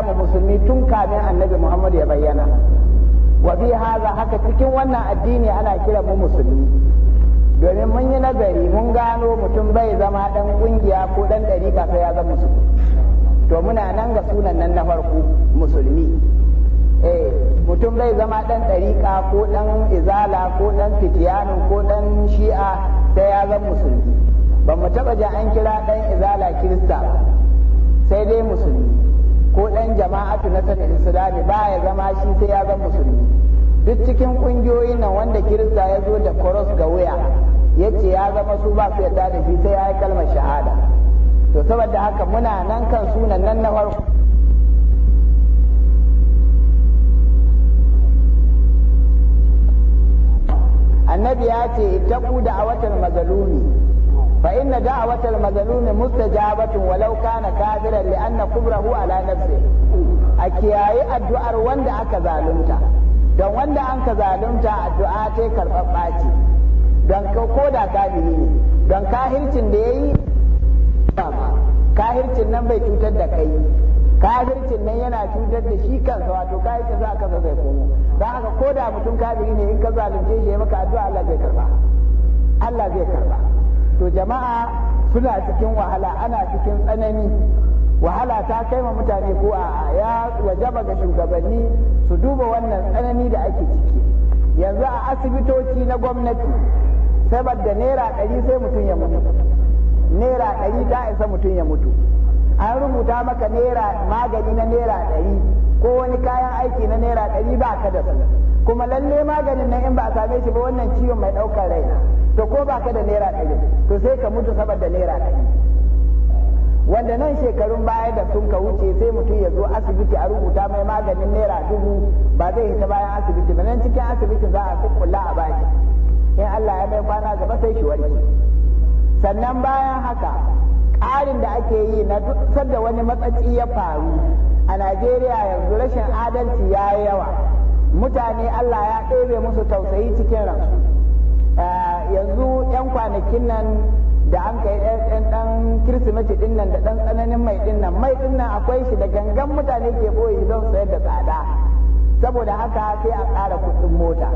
kama musulmi tun kamin annabi Muhammad ya bayyana wa bi haza haka cikin wannan addini ana kira mu musulmi domin mun yi nazari mun gano mutum bai zama dan kungiya ko dan dariƙa sai ya zama musulmi to muna nan ga sunan nan na farko musulmi eh mutum bai zama dan dariƙa ko dan izala ko dan fitiyanu ko dan shi'a sai ya zama musulmi ba mu taba ji an kira dan izala kirista sai dai musulmi ko ɗan jama'atu na sanin islami ba ya zama shi sai ya zama musulmi duk cikin ƙungiyoyin nan wanda kirista ya zo da koros ga wuya ya ce ya zama su ba su yarda da shi sai ya yi kalmar shahada to saboda haka muna nan kan sunan nan na farko annabi ya ce ita ku a watan mazalumi فإن دعوة المظلوم مستجابة ولو كان كافرا لأن كبره على نفسه أكياي الدعاء وند أكا ظالمتا don wanda an ka zalunta addu'a ta karɓaɓɓa ce don ko da kafiri don kahircin da ya yi kahircin nan bai cutar da kai kafircin nan yana cutar da shi kansa wato kafircin za ka zai komo don haka ko da mutum kafiri ne in ka zalunce ya maka addu'a Allah zai karba Allah zai karba to jama'a suna cikin wahala ana cikin tsanani wahala ta kai ma mutane ko a ya wajaba ga shugabanni su duba wannan tsanani da ake ciki yanzu a asibitoci na gwamnati saboda naira ɗari sai mutum ya mutu naira ɗari ta isa mutum ya mutu an rubuta maka naira magani na naira ɗari ko wani kayan aiki na naira ɗari ba ka da su kuma lalle maganin nan in ba a same shi ba wannan ciwon mai ɗaukar rai to ko ba ka da naira ɗari to sai ka mutu saboda naira ɗari wanda nan shekarun baya da sun ka wuce sai mutum ya zo asibiti a rubuta mai maganin naira dubu ba zai hita bayan asibiti ba nan cikin asibiti za a kula a baki in Allah ya bai kwana gaba sai shi warke sannan bayan haka ƙarin da ake yi na sadda wani matsatsi ya faru a Najeriya yanzu rashin adalci ya yi yawa mutane Allah ya ɗebe musu tausayi cikin ransu yanzu 'yan kwanakin nan da an kai ɗan ɗan kirsimeti ɗin nan da ɗan tsananin mai ɗin nan mai ɗin nan akwai shi da gangan mutane ke ɓoye don sayar da tsada saboda haka sai a ƙara kuɗin mota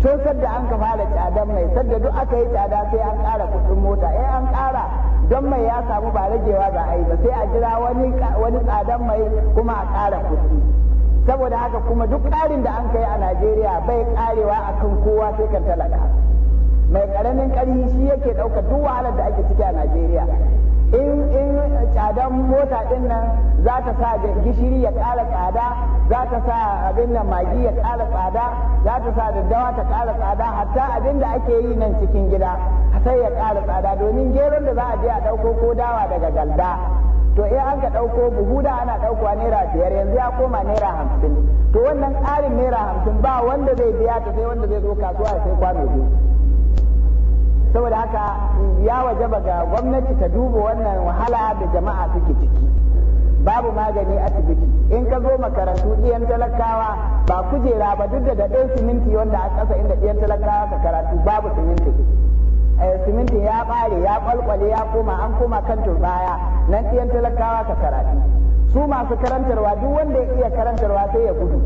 to sadda an ka fara tsadan mai sadda duk aka yi tsada sai an ƙara kuɗin mota eh an ƙara don mai ya samu ba ragewa za a yi ba sai a jira wani tsadan mai kuma a ƙara kuɗi saboda haka kuma duk ƙarin da an kai a Najeriya bai ƙarewa akan kowa sai kan talaka mai ƙaramin ƙarfi shi yake ɗaukar duk wahalar da ake ciki a Najeriya in in eh, tsadan mota din nan za ta sa gishiri ya ƙara tsada za ta sa abin nan magi ya ƙara tsada za ta sa daddawa ta ƙara tsada hatta abin da ake yi nan cikin gida sai ya ƙara tsada domin geron da za a je a ɗauko ko dawa daga galda to in an ka ɗauko buhu da ana ɗaukowa naira biyar yanzu ya koma naira hamsin to wannan ƙarin naira hamsin ba wanda zai biya ta sai wanda zai zo kasuwa ya sai kwano biyu saboda haka ya wajaba ga gwamnati ta duba wannan wahala da jama'a suke ciki babu magani asibiti in ka zo makarantu ɗiyan talakawa ba kujera ba duk da daɗin siminti wanda a ƙasa inda ɗiyan talakawa ka karatu babu siminti eh, siminti ya ɓare ya ƙwalƙwale ya koma an koma kan turbaya nan ɗiyan talakawa ka karatu su masu karantarwa duk wanda ya iya karantarwa sai ya gudu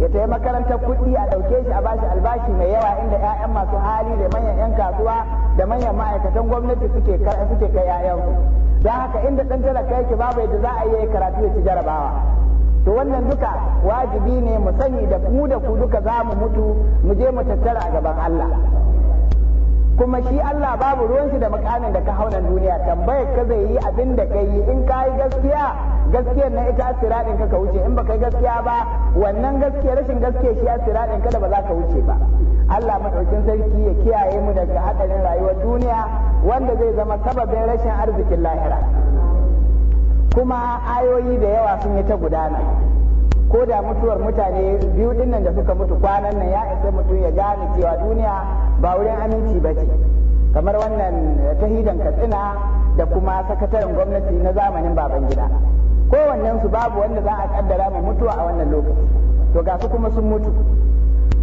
ya tafi makarantar kuɗi a ɗauke shi a bashi albashi mai yawa inda 'ya'yan masu hali da manyan 'yan kasuwa da manyan ma'aikatan gwamnati suke suke kai 'ya'yansu don haka inda ɗan talaka yake babu yadda za a yi karatu ya ci jarabawa to wannan duka wajibi ne mu sani da ku da ku duka za mu mutu mu je mu tattara a gaban Allah kuma shi Allah babu ruwan shi da makamin da ka hauna duniya tambayar ka zai yi abin da ka yi in ka yi gaskiya gaskiyar na ita asiradin ka ka wuce in baka yi gaskiya ba wannan gaskiya rashin gaskiya shi asiradin ka da ba za ka wuce ba Allah madaukin sarki ya kiyaye mu daga hadarin rayuwar duniya wanda zai zama sababin rashin arzikin lahira kuma ayoyi da yawa sun yi ta gudana ko da mutuwar mutane biyu dinnan da suka mutu kwanan nan ya isa mutum ya gane cewa duniya ba wurin aminci ba ce kamar wannan tahidan eh, katsina da kuma sakataren gwamnati na zamanin baban gida kowannen su babu wanda za a kaddara mu mutuwa a wannan lokaci to ga su kuma sun mutu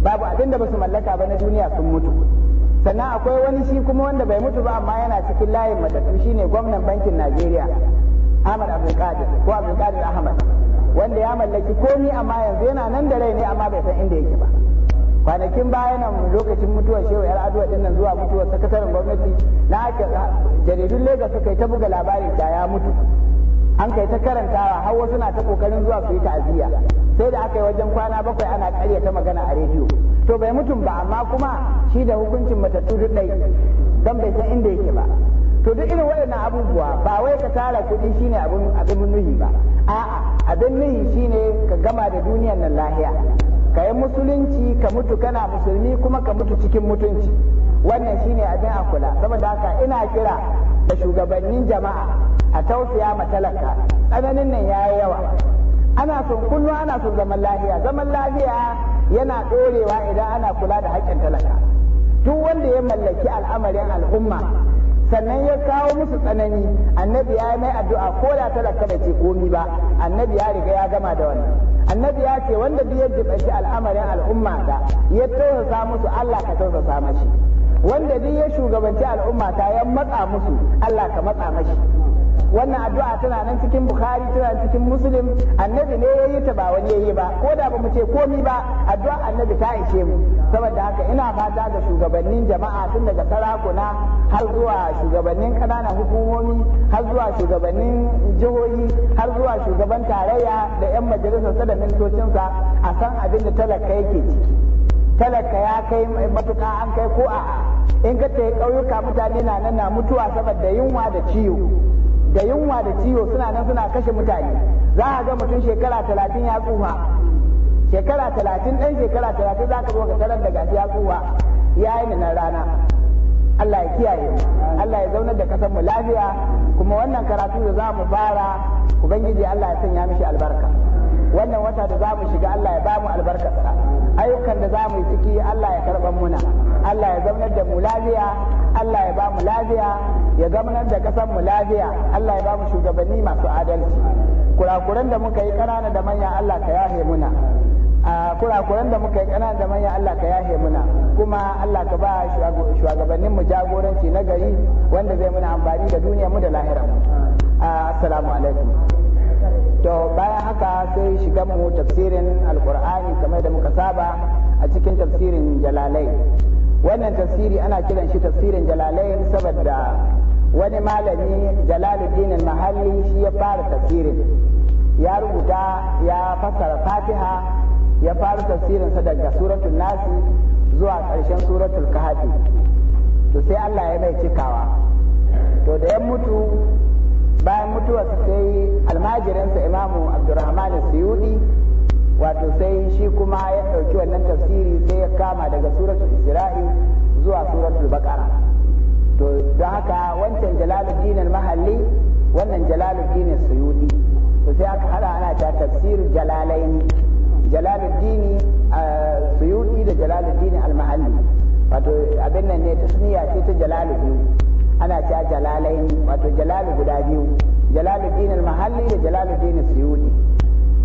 babu abin da ba su mallaka ba na duniya sun mutu sannan akwai wani shi kuma wanda bai mutu ba amma yana cikin layin matattu shine gwamnan bankin najeriya ahmad abdulkadir ko abdulkadir ahmad wanda ya mallaki komi amma yanzu yana nan da rai ne amma bai san inda yake ba kwanakin baya nan lokacin mutuwar shehu yar aduwa din nan zuwa mutuwar sakataren gwamnati na ake jaridun Legas suka ta buga labarin da ya mutu an kai ta karantawa har wasu na ta kokarin zuwa su yi ta'aziyya sai da aka yi wajen kwana bakwai ana karya ta magana a rediyo to bai mutum ba amma kuma shi da hukuncin matattu duk dai don bai san inda yake ba to duk irin waɗannan abubuwa ba wai ka tara kuɗi shine abin abin nuhi ba a'a abin nuhi shine ka gama da duniyar nan lahiya ka yi musulunci ka mutu kana musulmi kuma ka mutu cikin mutunci wannan shine abin a kula saboda haka ina kira da shugabannin jama'a a tausaya ma talaka tsananin nan yayi yawa ana son kullum ana son zaman lahiya zaman lahiya yana ɗorewa idan ana kula da haƙƙin talaka duk wanda ya mallaki al'amarin al'umma sannan ya kawo musu tsanani annabi ya yi mai addu'a ko da talaka bai ce komi ba annabi ya riga ya gama da wannan annabi ya ce wanda duk ya jibanci al'amarin al'umma ta ya tausasa musu Allah ka tausasa mashi wanda duk ya shugabanci al'umma ta ya matsa musu Allah ka matsa mashi wannan addu'a tana nan cikin bukhari tana cikin muslim annabi ne ya yi ta ba wani yayi ba ko da ba mu ce komi ba addu'a annabi ta ishe mu saboda haka ina fata ga shugabannin jama'a tun daga sarakuna har zuwa shugabannin kananan hukumomi har zuwa shugabannin jihohi har zuwa shugaban tarayya da 'yan majalisar da ministocinsa a san abin da talaka yake ciki talaka ya kai matuka an kai ko a'a in ka ta ƙauyuka mutane na nan na mutuwa saboda yunwa da ciwo da yunwa da ciwo suna nan suna kashe mutane za a ga mutum shekara talatin ya tsufa shekara talatin ɗan shekara talatin za ka zo ka tarar da gashi ya tsufa ya yi nan rana Allah ya kiyaye Allah ya zaunar da kasar mu lafiya kuma wannan karatu da za mu fara ubangiji Allah ya sanya mishi albarka wannan wata da za mu shiga Allah ya ba albarka tsara ayyukan da za mu yi ciki Allah ya karɓar muna Allah ya zaunar da mu lafiya Allah ya bamu lafiya ya zaunar da ƙasar mu lafiya Allah ya ba mu shugabanni masu adalci kurakuran da muka yi ƙanana da manya Allah ka yahe muna a kurakuran da muka yi ƙanana da manya Allah ka yahe muna kuma Allah ka ba shugabannin mu jagoranci na gari wanda zai muna amfani da duniyar mu da lahirar mu assalamu alaikum to bayan haka sai shiga mu tafsirin alkur'ani kamar da muka saba a cikin tafsirin jalalai wannan tafsiri ana kiran shi tafsirin jalalai saboda wani malami jalaluddin mahalli shi ya fara tafsirin ya rubuta ya fassara fatiha ya fara tafsirinsa daga suratul nasi zuwa ƙarshen suratul kahfi to sai allah ya mai cikawa to da ya mutu bayan mutuwa sai almajiransa imamu abdurrahman suyudi wato sai shi kuma ya ɗauki wannan tafsiri sai ya kama daga suratu isra'i zuwa suratul baqara to don haka wancan jalaluddin mahalli wannan jalaluddin suyudi to sai aka hada ana ta tafsir jalalaini jalaluddin ah, suyudi da jalaluddin almahalli wato abin nan ne tasniya ce ta jalaluddin ana cewa jalalain wato jalali guda biyu jalali al-mahalli da jalaluddin siyudi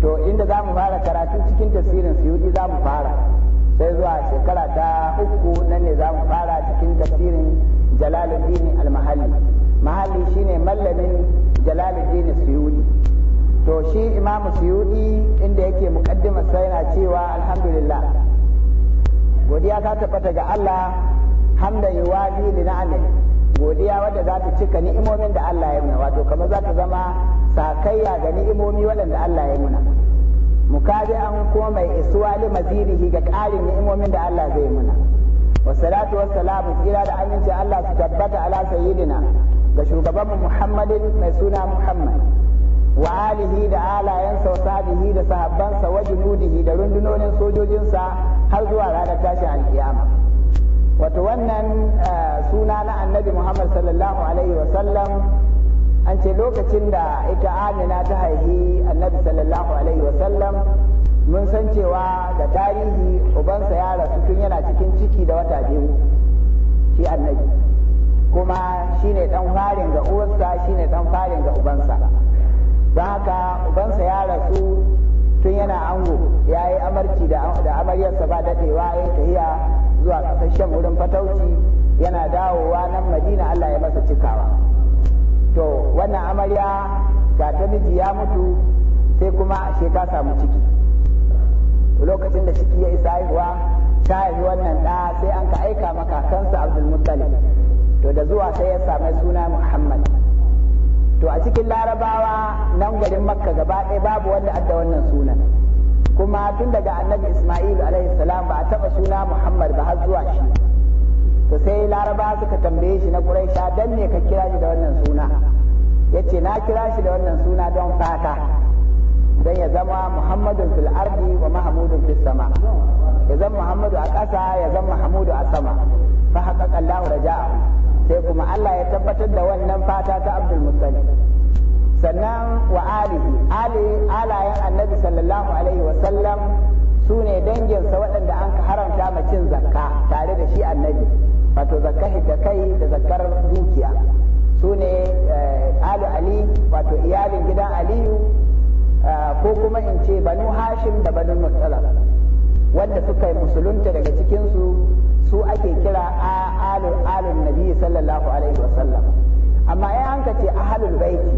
to inda za mu fara karatu cikin tafsirin siyudi za mu fara sai zuwa shekara ta uku nan ne za mu fara cikin tafsirin jalaluddin al-mahalli mahalli shine mallamin jalaluddin siyudi to shi imamu siyudi inda yake muqaddimar sai yana cewa alhamdulillah godiya ta tabbata ga Allah hamdan yuwadi li na'amin godiya wadda za ta cika ni'imomin da Allah ya muna wato kamar za ta zama sakayya ga ni'imomi waɗanda Allah ya muna mu mukabi an kuma mai isuwa li mazirihi ga ƙarin ni'imomin da Allah zai muna wa salamu kira da aminci Allah su tabbata ala sayyidina ga mu Muhammadin mai suna Muhammad wa alihi da alayensa wa sahabihi da sahabbansa wa junudihi da rundunonin sojojinsa har zuwa ranar tashin alkiyama wato wannan suna na annabi muhammad sallallahu alaihi wasallam an ce lokacin da ita amina ta haihi annabi sallallahu alaihi wasallam mun san cewa da tarihi ubansa ya rasu tun yana cikin ciki da wata biyu shi annabi kuma shi ne dan farin ga uwarsa shi ne dan farin ga ubansa don haka ubansa ya rasu tun yana ango ya yi amarci da amaryarsa ba daɗewa ya yi tahiya zuwa ƙasar shan wurin fatauci yana dawowa nan madina allah ya masa cikawa to wannan amarya ga ta miji ya mutu sai kuma she ta samu ciki lokacin da ciki ya isa haihuwa ta haifi wannan ɗa sai an ka aika makakansa abdulmuttalib to da zuwa sai ya same suna muhammad to a cikin larabawa nan garin makka gaba ɗaya babu wanda adda wannan sunan kuma tun daga annabi isma'ilu alaihi salam ba a taɓa suna muhammad ba har zuwa shi to sai laraba suka tambaye shi na quraisha dan ne ka kira shi da wannan suna ce na kira shi da wannan suna don fata dan ya zama muhammadun fil ardi wa mahmudun fis sama ya zama muhammadu a ƙasa ya zama mahmudu a sama fa haqqaqa allahu raja'ahu sai kuma Allah ya tabbatar da wannan fata ta Abdul Muttalib sannan wa alihi ali alayen annabi sallallahu alaihi wa sallam su ne danginsa waɗanda an haramta ma cin zakka tare da shi annabi wato zakka da kai da zakkar dukiya su ne eh, ali ali wato iyalin gidan aliyu eh, ko kuma in ce banu hashim da banu mutsalam wanda suka yi musulunta daga cikinsu su ake kira alul alul nabi sallallahu alaihi wasallam amma ya hanka ce ahlul baiti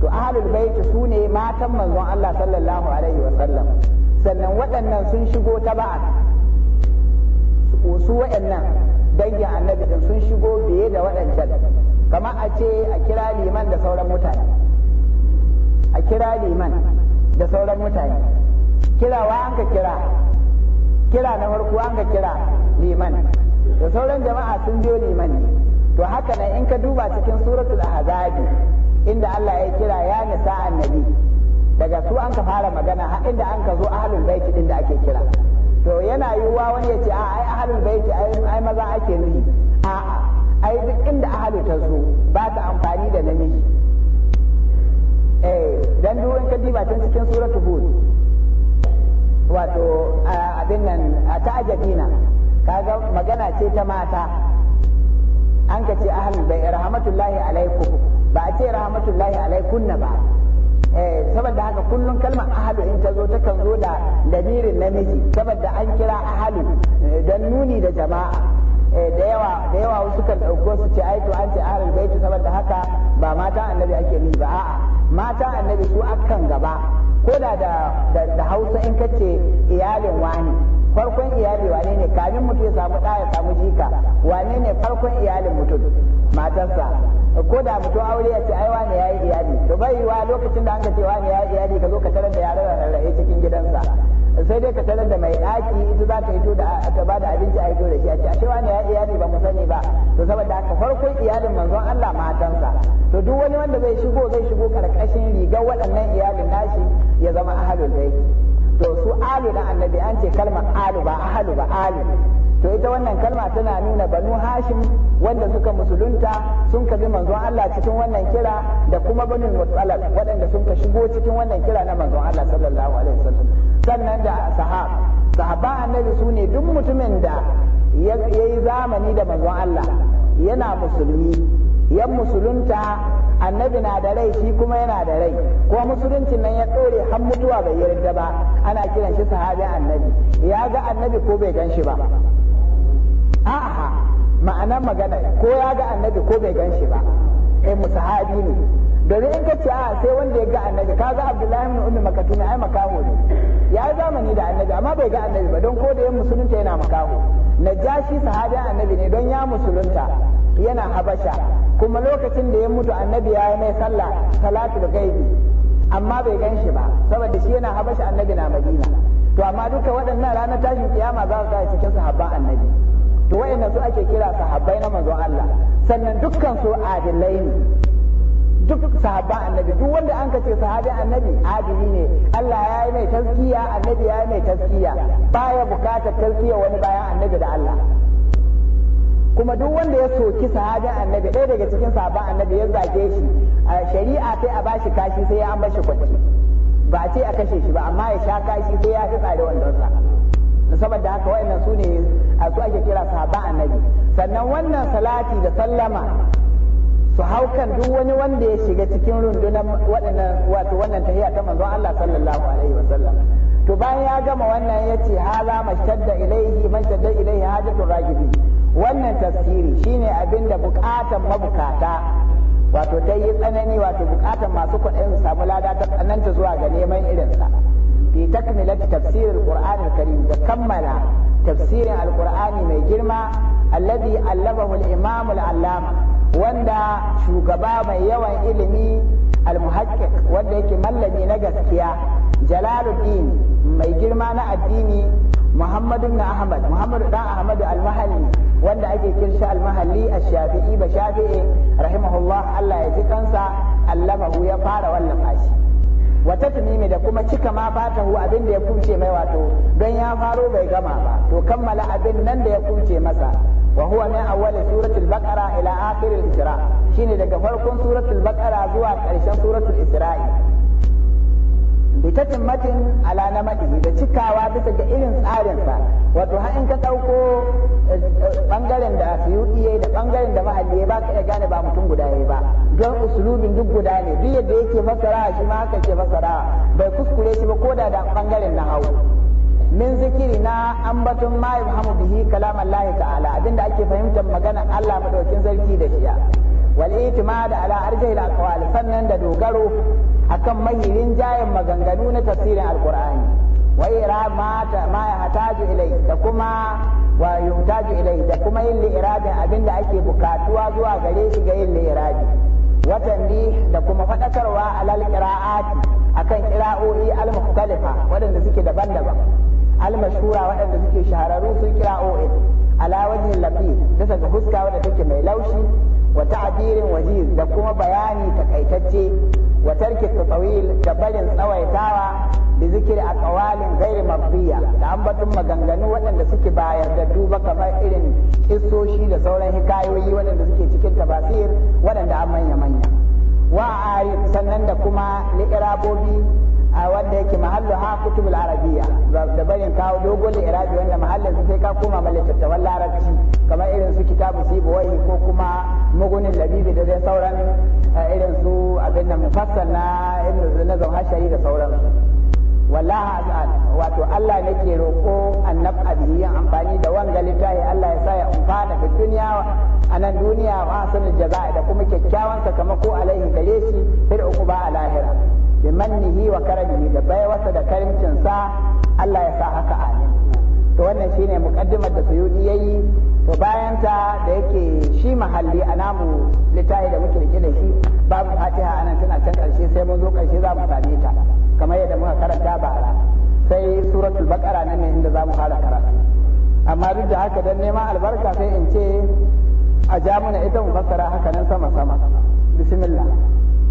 to ahlul baiti su ne matan manzon Allah sallallahu alaihi wasallam sannan waɗannan sun shigo ta ba'a su waɗannan dangin annabi din sun shigo biye da waɗancan kama a ce a kira liman da sauran mutane a kira liman da sauran mutane kirawa an ka kira kira na farko an ga kira liman da sauran jama'a sun biyo liman to haka nan in ka duba cikin suratul ahzabi inda Allah ya kira ya nisa annabi daga su an ka fara magana har inda an ka zo ahlul baiti din da ake kira to yana yiwuwa wani ya ce a ai ahlul baiti ai maza ake nufi. a'a ai duk inda ahlu ta zo ba ta amfani da namiji eh dan duwan kadiba tun cikin suratul hud wato abin nan a ta'ajabina kaga magana ce ta mata an ka ce ahal bai rahmatullahi alaikum ba a ce rahmatullahi na ba eh, saboda haka kullum kalmar ahalu in ta zo ta kan zo da lamirin namiji saboda an kira ahalu don nuni da jama'a Eh, da yawa da yawa sukan ɗauko su ce aito an ce ahlul baiti saboda haka ba mata annabi ake ni ba a'a mata annabi su akan gaba ko da da hausa in kace iyalin wani farkon iyali wane ne kamin mutum ya samu ɗaya ya samu jika wane ne farkon iyalin mutum matarsa ko da mutum aure ya ce ai wane yayi iyali to bai wa lokacin da an ce wane yayi iyali ka zo ka tarar da yaran rarrahe cikin gidansa sai dai ka tarar da mai ɗaki ita za ka to da aka ba da abinci a hito da shi a ce ashe wani ya yi iyali ba mu sani ba to saboda haka farkon iyalin manzon Allah matansa to duk wani wanda zai shigo zai shigo karkashin rigar waɗannan iyalin nashi ya zama ahalul baiti to su alu na annabi an ce kalmar alu ba ahalu ba alu to ita wannan kalma tana nuna banu hashim wanda suka musulunta sun kabi manzon Allah cikin wannan kira da kuma banu mutsalal waɗanda sun ka shigo cikin wannan kira na manzon Allah sallallahu alaihi wasallam sannan da sahab sahaba annabi su ne duk mutumin da ya yi zamani da manzon Allah yana musulmi yan musulunta annabi na da rai shi kuma yana da rai ko musuluncin nan ya ɗore har mutuwa bai yarda ba ana kiran shi sahabi annabi ya ga annabi ko bai gan shi ba a'a ma'anar magana ko ya ga annabi ko bai gan shi ba eh sahabi ne dare in ka ce a sai wanda ya ga annabi ka ga abdullahi ibn ummi ne ai makaho ne ya zamani da annabi amma bai ga annabi ba don ko da ya musulunta yana makaho najashi sahabi annabi ne don ya musulunta yana habasha kuma lokacin da ya mutu annabi ya yi mai sallah salatul gaibi amma bai gan shi ba saboda shi yana habasha annabi na madina to amma duka waɗannan ranar tashin kiyama za su tsaya cikin sahabban annabi to waɗannan su ake kira sahabbai na manzon Allah sannan dukkan su adilai ne duk sahabban annabi duk wanda an kace sahabi annabi adili ne Allah ya yi mai taskiya annabi ya yi mai taskiya baya bukatar taskiya wani bayan annabi da Allah kuma duk wanda ya soki sahabin annabi ɗaya daga cikin sahabban annabi ya zage shi a shari'a sai a bashi kashi sai ya an bashi kwaci ba a ce a kashe shi ba amma ya sha kashi sai ya fi tsare wandonsa saboda haka wayannan su ne a su ake kira sahabban annabi sannan wannan salati da sallama su haukan duk wani wanda ya shiga cikin rundunar waɗannan wato wannan tahiyya ta manzon Allah sallallahu alaihi wasallam to bayan ya gama wannan ya ce hala mashtadda ilaihi mashtadda ilaihi hajatu ragibi wannan tafsiri shine abin da bukatan mabukata wato ta yi tsanani wato bukatan masu kuɗin su samu lada ta tsananta zuwa ga neman irinsa bi takmilati tafsirin qur'anil karim da kammala tafsirin alqur'ani mai girma alladhi allafahu al-imam al-allama wanda shugaba mai yawan ilimi al-muhaqqiq wanda yake mallami na gaskiya jalaluddin mai girma na addini Muhammadu na Ahmad Muhammadu dan Ahmad almahali wanda ake kirshi almahali a shafii ba Shafi'i rahimahullah Allah ya ji kansa allafahu ya fara wallafa shi wa tatmimi da kuma cika ma fatahu abin da ya kuce mai wato don ya faro bai gama ba to kammala abin nan da ya kuce masa wa huwa min awwal suratul baqara ila akhir al-isra shine daga farkon suratul baqara zuwa ƙarshen suratul isra'i matin ala na maɗi da cikawa bisa ga irin tsarinsa wato har in ka ɗauko eh, eh, ɓangaren da suyuɗi ya da ɓangaren da mahalli ya ba ka iya gane ba mutum guda ya ba don usulubin duk guda ne duk yadda yake fasara shi ma haka ke fasara bai kuskure shi ba ko da da ɓangaren na hau min zikiri na ambatun ma yafhamu bihi kalam ta'ala abinda ake fahimtar magana Allah madaukin sarki da shiya wal itimad ala arjahil aqwal sannan da dogaro akan mahirin jayin maganganu na tafsirin alqur'ani wa ira ma ma hataju ilai da kuma wa yuhtaju ilai da kuma yin li'irabin abinda ake bukatuwa zuwa gare shi ga yin li'irabi watan da kuma fadakarwa alal qira'ati akan qira'o'i al-mukhtalifa wadanda suke daban-daban al wadanda suke shahararru su qira'o'i ala wajhin lafi bisa ga huska wadda take mai laushi wa ta'birin wajiz da kuma bayani takaitacce wa tarki tatawil da barin tsawaitawa bi a ƙawalin gairi mabdiya da ambatun maganganu waɗanda suke bayar da duba kamar irin kissoshi da sauran hikayoyi waɗanda suke cikin tafasir waɗanda an manya manya wa arif sannan da kuma li'irabobi a wanda yake mahallu ha kutubul arabiya da barin kawo dogon irabi wanda mahallin sai ka koma malittattafan larabci kamar irin su kitabu wai ko kuma mugunin labibi da dai sauran irin su abin da mufassal na ibn na zamhashari da sauran wallahi azal wato Allah nake roko annab abihi amfani da wanga littafi Allah ya sa ya umfana da duniya a nan duniya wa sanin jaza'i da kuma kyakkyawan sakamako alaihi gare shi fil uquba a lahira bi mannihi wa karamihi da baiwarsa da karimcin sa Allah ya sa haka amin to wannan shine muqaddimar da Suyuti yayi to bayan ta da yake shi mahalli a namu littafi da muke rike da shi babu fatiha anan tana can karshe sai mun zo karshe za mu same ta kamar yadda muka karanta bara sai suratul baqara nan ne inda za mu fara karatu amma duk da haka dan neman albarka sai in ce a ja mana ita mu fassara haka nan sama sama bismillah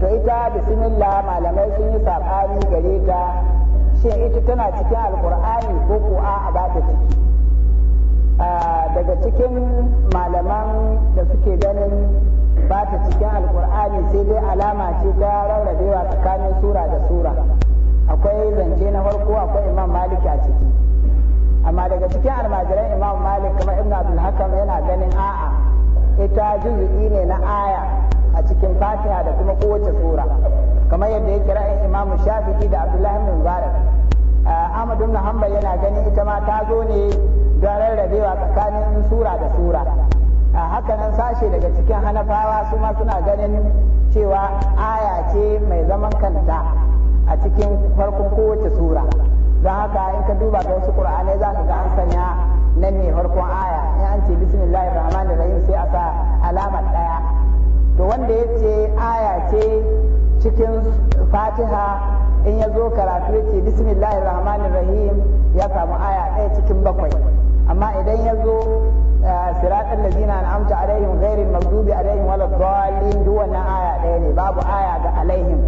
wato ita bismillah malamai sun yi saɓani gare ta shin ita tana cikin alkur'ani ko ko a ba ta ciki ah, daga cikin malaman da suke ganin ba ta cikin alkur'ani sai dai alama ce ta rarrabewa tsakanin sura da sura akwai zance na farko akwai imam malik a ciki amma daga cikin almajiran imam malik kamar ibn abdul yana ganin a'a ita juzu'i ne na aya a cikin fatiha da kuma kowace sura kamar yadda yake ra'ayin imamu shafi'i da abdullahi bin mubarak ahmadu ibn hanbal yana ganin ita ma ta zo ne don rarrabewa tsakanin sura da sura a hakanan sashe daga cikin hanafawa su ma suna ganin cewa aya ce mai zaman kanta a cikin farkon kowace sura don haka in ka duba ga wasu ƙur'anai za ka ga an sanya nan ne farkon aya in an ce bismillahir rahmanir rahim sai a sa alamar ɗaya to wanda ya ce aya ce cikin fatiha in ya zo karatu ya ce bismillahir rahmanir rahim ya samu aya ɗaya cikin bakwai amma idan ya zo eh, siratal zina an'amta alaihim ghairil maghdubi alaihim waladdallin duk wannan aya ɗaya ne babu aya ga alaihim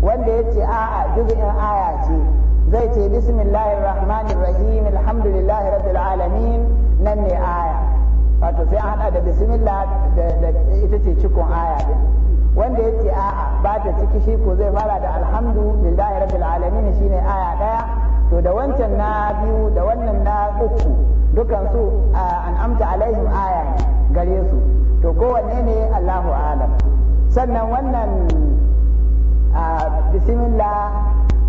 wanda ya ce a'a juz'in aya ce zai ce bismillahir rahmanir rahim alhamdulillahi rabbil alamin nan ne aya wato sai an hada da bismillah da ita ce cikon aya din wanda ya ce a'a ba ta ciki shi ko zai fara da alhamdu lillahi rabbil alamin shine aya daya to da wancan na biyu da wannan na uku dukan su an amta alaihim aya gare su to kowanne ne Allahu alam sannan wannan bismillah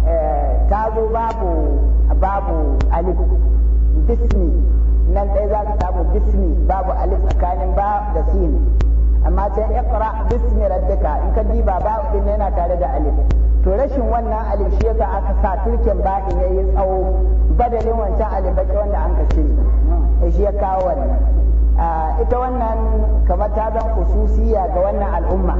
eh, ta zo babu babu alif bismillah nan dai za ka samu bismi babu alif tsakanin ba da sin amma can iqra bismi rabbika in ka diba ba din yana tare da alif to rashin wannan alif shi yasa aka sa turken ba in yayi tsawo badalin wancan alif baki wanda an ka shiri shi ya kawo wannan ita wannan kamar ta zan khususiya ga wannan al'umma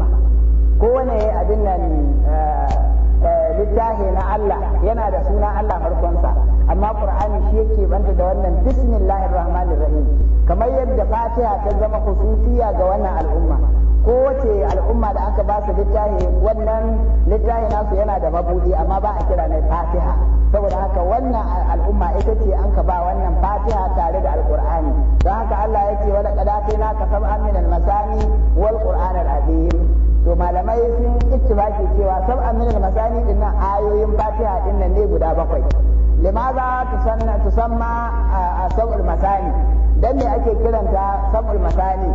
kowane abin nan eh, Eh, littafi na Allah yana da suna Allah farkonsa amma Qur'ani shi yake banta da wannan bismillahir rahmanir rahim kamar yadda Fatiha ta zama khususiya ga wannan al'umma kowace al'umma da aka ba su littafi wannan littafi nasu yana da mabudi amma ba a kira mai Fatiha saboda haka wannan al'umma ita ce an ka ba wannan Fatiha tare da Al-Qur'ani don haka Allah ya ce wala qadatina ka sab'an min al-masani wal Qur'an azim to malamai sun ittifaki cewa sab'an min al-masani din nan ayoyin fatiha din nan ne guda bakwai limaza tusanna tusamma sab'ul masani dan me ake kiranta sab'ul masani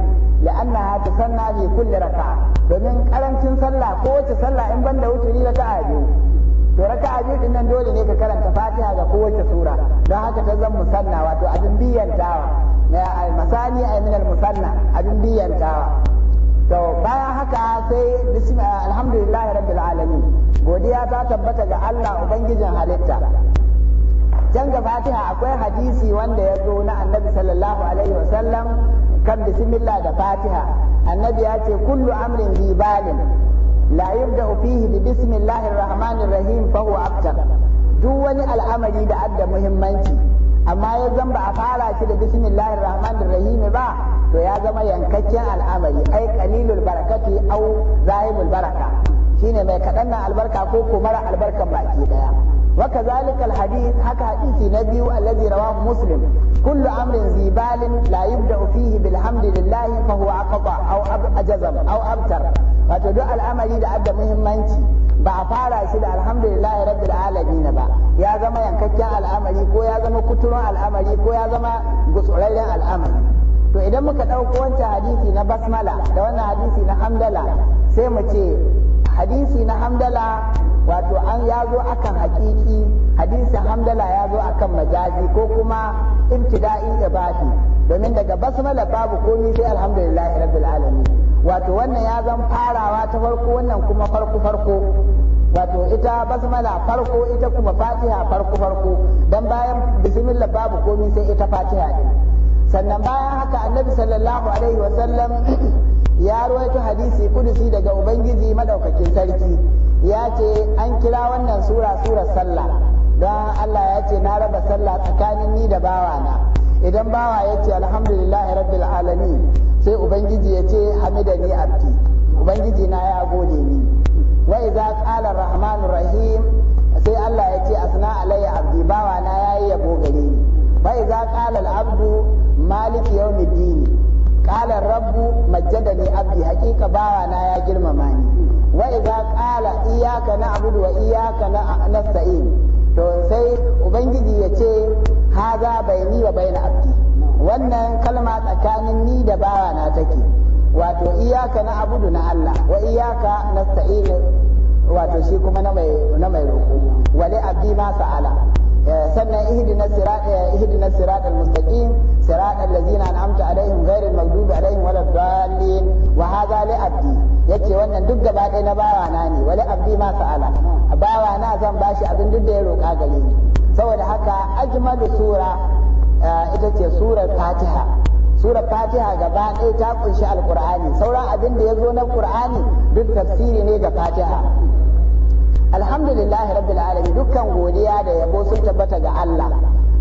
la'annaha tusanna bi kulli raka'a domin karancin sallah ko wace sallah in banda wuturi raka'a biyu to raka'a biyu din nan dole ne ka karanta fatiha ga kowace sura don haka ta zan musanna wato abin biyantawa na al-masani ay min al-musanna abin biyantawa to bayan haka sai bismillah eh, alhamdulillah rabbil alamin godiya ta tabbata ga Allah ubangijin halitta can ga fatiha akwai hadisi wanda ya zo na annabi sallallahu alaihi wasallam kan bismillah da fatiha annabi ya ce kullu amrin bi balin da yubda fihi bi bismillahir rahmanir rahim fa huwa aftar duk wani al'amari da adda muhimmanci amma ya zamba ba a fara shi da bismillahir rahmanir rahim ba to ya zama yankakken al'amari ai qalilul barakati au zahimul baraka shine mai kadan na albarka ko ko mara albarkan baki daya wa kadhalikal hadith haka hadisi na biyu allazi rawahu muslim kullu amrin zibalin la da fihi bilhamdulillah fa huwa aqta aw ajzam aw abtar wato duk al'amari da adda muhimmanci ba a fara shi da alhamdulillah rabbil alamin ba ya zama yankakken al'amari ko ya zama kuturun al'amari ko ya zama gutsurarren al'amari to idan muka ɗauko wancan hadisi na basmala da wannan hadisi na hamdala sai mu ce hadisi na hamdala wato an ya zo akan hakiki hadisin hamdala ya zo akan majazi ko kuma ibtida'i ibadi domin daga basmala babu komi sai alhamdulillahi rabbil alamin wato wannan ya zan farawa ta farko wannan kuma farko farko wato ita basmala farko ita kuma fatiha farko farko dan bayan bismillah babu komi sai ita fatiha ne sannan bayan haka annabi sallallahu alaihi wasallam ya ruwaito hadisi kudusi daga ubangiji madaukakin sarki ya ce an kira wannan sura sura sallah don allah ya ce na raba sallah tsakanin ni da bawana idan bawa ya ce alhamdulillah rabbil alamin sai ubangiji ya ce hamidani abdi ubangiji na ya gode ni wa idza qala rahmanur rahim sai allah ya ce asna alayya abdi bawana yayi yabo gare ni wa idza qala al abdu malik yawmi dini qala rabbu majjadani abdi haƙiƙa bawana ya girmama ni wa idza qala iyyaka na'budu wa iyyaka nasta'in to sai ubangiji ya ce haza baini wa baina abdi wannan kalma tsakanin ni da bawa na take wato iyaka na abudu na Allah wa iyaka nasta'in wato shi kuma na mai na wali abdi ma sa'ala Eh, sannan ihdina sirat eh, ihdina sirat al-mustaqim sirat allazina an'amta alaihim ghairil maghdubi alaihim waladdallin wa hadha li abdi yace wannan duk gaba dai na bawa na ne wali abdi ma sa'ala bawa na zan bashi abin duk da ya roƙa gare ni saboda haka ajmalu sura eh, ita ce surar fatiha surar fatiha gaba ɗaya ta kunshi alqur'ani sauran abin da ya zo na qur'ani duk tafsiri ne ga fatiha alhamdulillahi rabbil alamin dukkan godiya da yabo sun tabbata ga Allah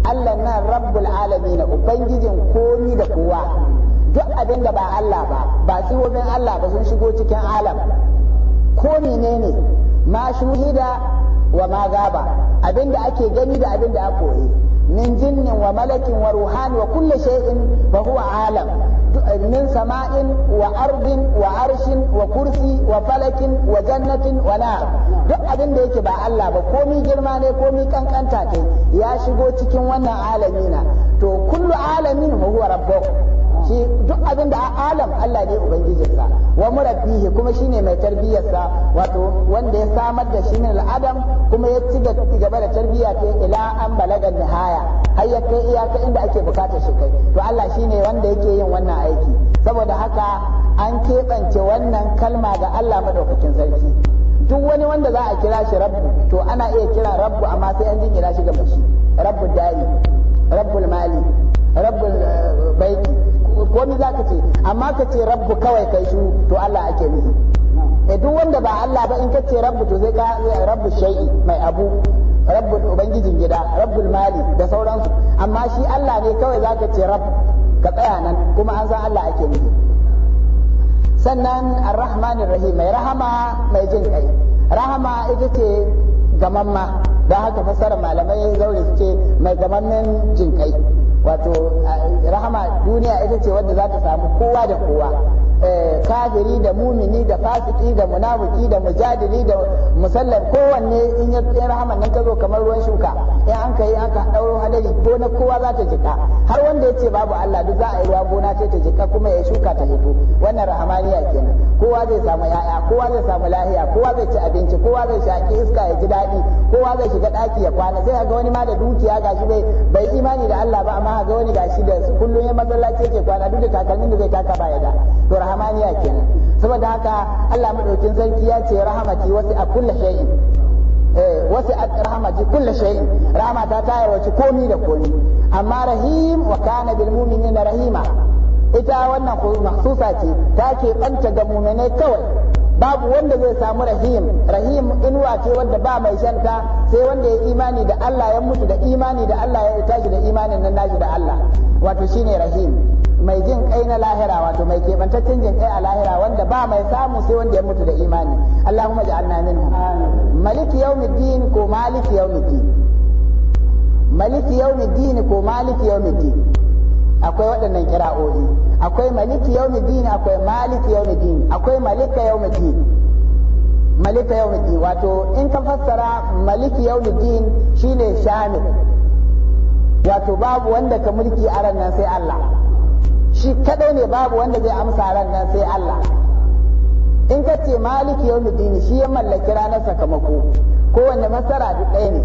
Allah nan rabbul alamin ubangijin komi da kowa duk abin da ba Allah ba ba siwobin Allah ba sun shigo cikin alam ko ne ma shuhida wa ma gaba abin da ake gani da abin da aka koyi min jinnin wa malakin wa ruhani wa kulli shay'in fa huwa alam min sama'in wa ardin wa arshin wa kursi wa falakin wa jannatin wa duk abin da yake ba Allah ba komi girma ne komi kankanta ne ya shigo cikin wannan alamina to kullu alamin huwa rabbuh shi duk abin da alam Allah ne ubangijinsa wa murabbihi kuma shine mai tarbiyarsa wato wanda ya samar da shi min al'adam kuma ya ci gaba da tarbiya ta ila an balaga nihaya har ya kai iyaka inda ake bukatar shi kai to Allah shine wanda yake yin wannan aiki saboda haka an keɓance wannan kalma ga Allah madaukakin sarki duk wani wanda za a kira shi rabbu to ana iya kira rabbu amma sai an jingina shi ga mashi rabbu dari rabbul mali rabbul eh, baiti wani za ka ce amma ka ce rabbu kawai kai su to Allah ake nufi e duk wanda ba Allah ba in ka ce rabbu to sai ka rabbu shay'i mai abu rabbu ubangijin gida rabbul mali da sauransu amma shi Allah ne kawai za ka ce rabbu ka tsaya nan kuma an san Allah ake nufi sannan ar-rahmanir rahim mai rahama mai jin kai rahama ita ce gamamma don haka fasara malamai zaure su ce mai gamammen jin kai wato rahama duniya ita ce wadda za ta samu kowa da kowa Eh, kafiri da mumini da fasiki da munafiki da mujadili da musallam kowanne in ya tsaye rahaman nan tazo kamar ruwan shuka in an kai aka dauro hadari gona kowa za ta jika har wanda ya ce babu Allah duk za a yi ruwa gona ce ta jika kuma ya shuka ta hito wannan rahamaniya kenan kowa zai samu yaya kowa zai samu lahiya kowa zai ci abinci kowa zai shaki iska ya ji daɗi kowa zai shiga ɗaki ya kwana sai ga wani ma da dukiya gashi bai bai imani da Allah ba amma ga wani gashi da kullun ya masallaci yake kwana duk da takalmin da zai taka baya da to rahmaniya kenan saboda haka Allah madaukin sarki ya ce rahamati wasi a kulli shay'in eh wasi a rahmati kulli shay'in ta yarwaci komi da komi amma rahim wa kana bil mu'minina rahima ita wannan mahsusa ce ta ke banta ga mu'minai kawai babu wanda zai samu rahim rahim inuwa ce wanda ba mai shanta sai wanda ya imani da Allah ya mutu da imani da Allah ya tashi da imanin nan nashi da Allah wato shine rahim mai jin kai na lahira wato mai kebantaccen jin kai a lahira wanda ba mai samu sai wanda ya mutu da imani Allahumma ja'alna minhum maliki yawmiddin ko maliki yawmiddin maliki yawmiddin ko maliki yawmiddin akwai waɗannan kira'o'i akwai maliki dini, akwai maliki dini, akwai malika dini, malika dini, wato in ka fassara maliki shi shine shamil wato babu wanda ka mulki a ran nan sai Allah shi kadai ne babu wanda zai amsa ran nan sai Allah in ka ce maliki dini shi ya mallaki ranar sakamako kowanne masara duk ɗaya ne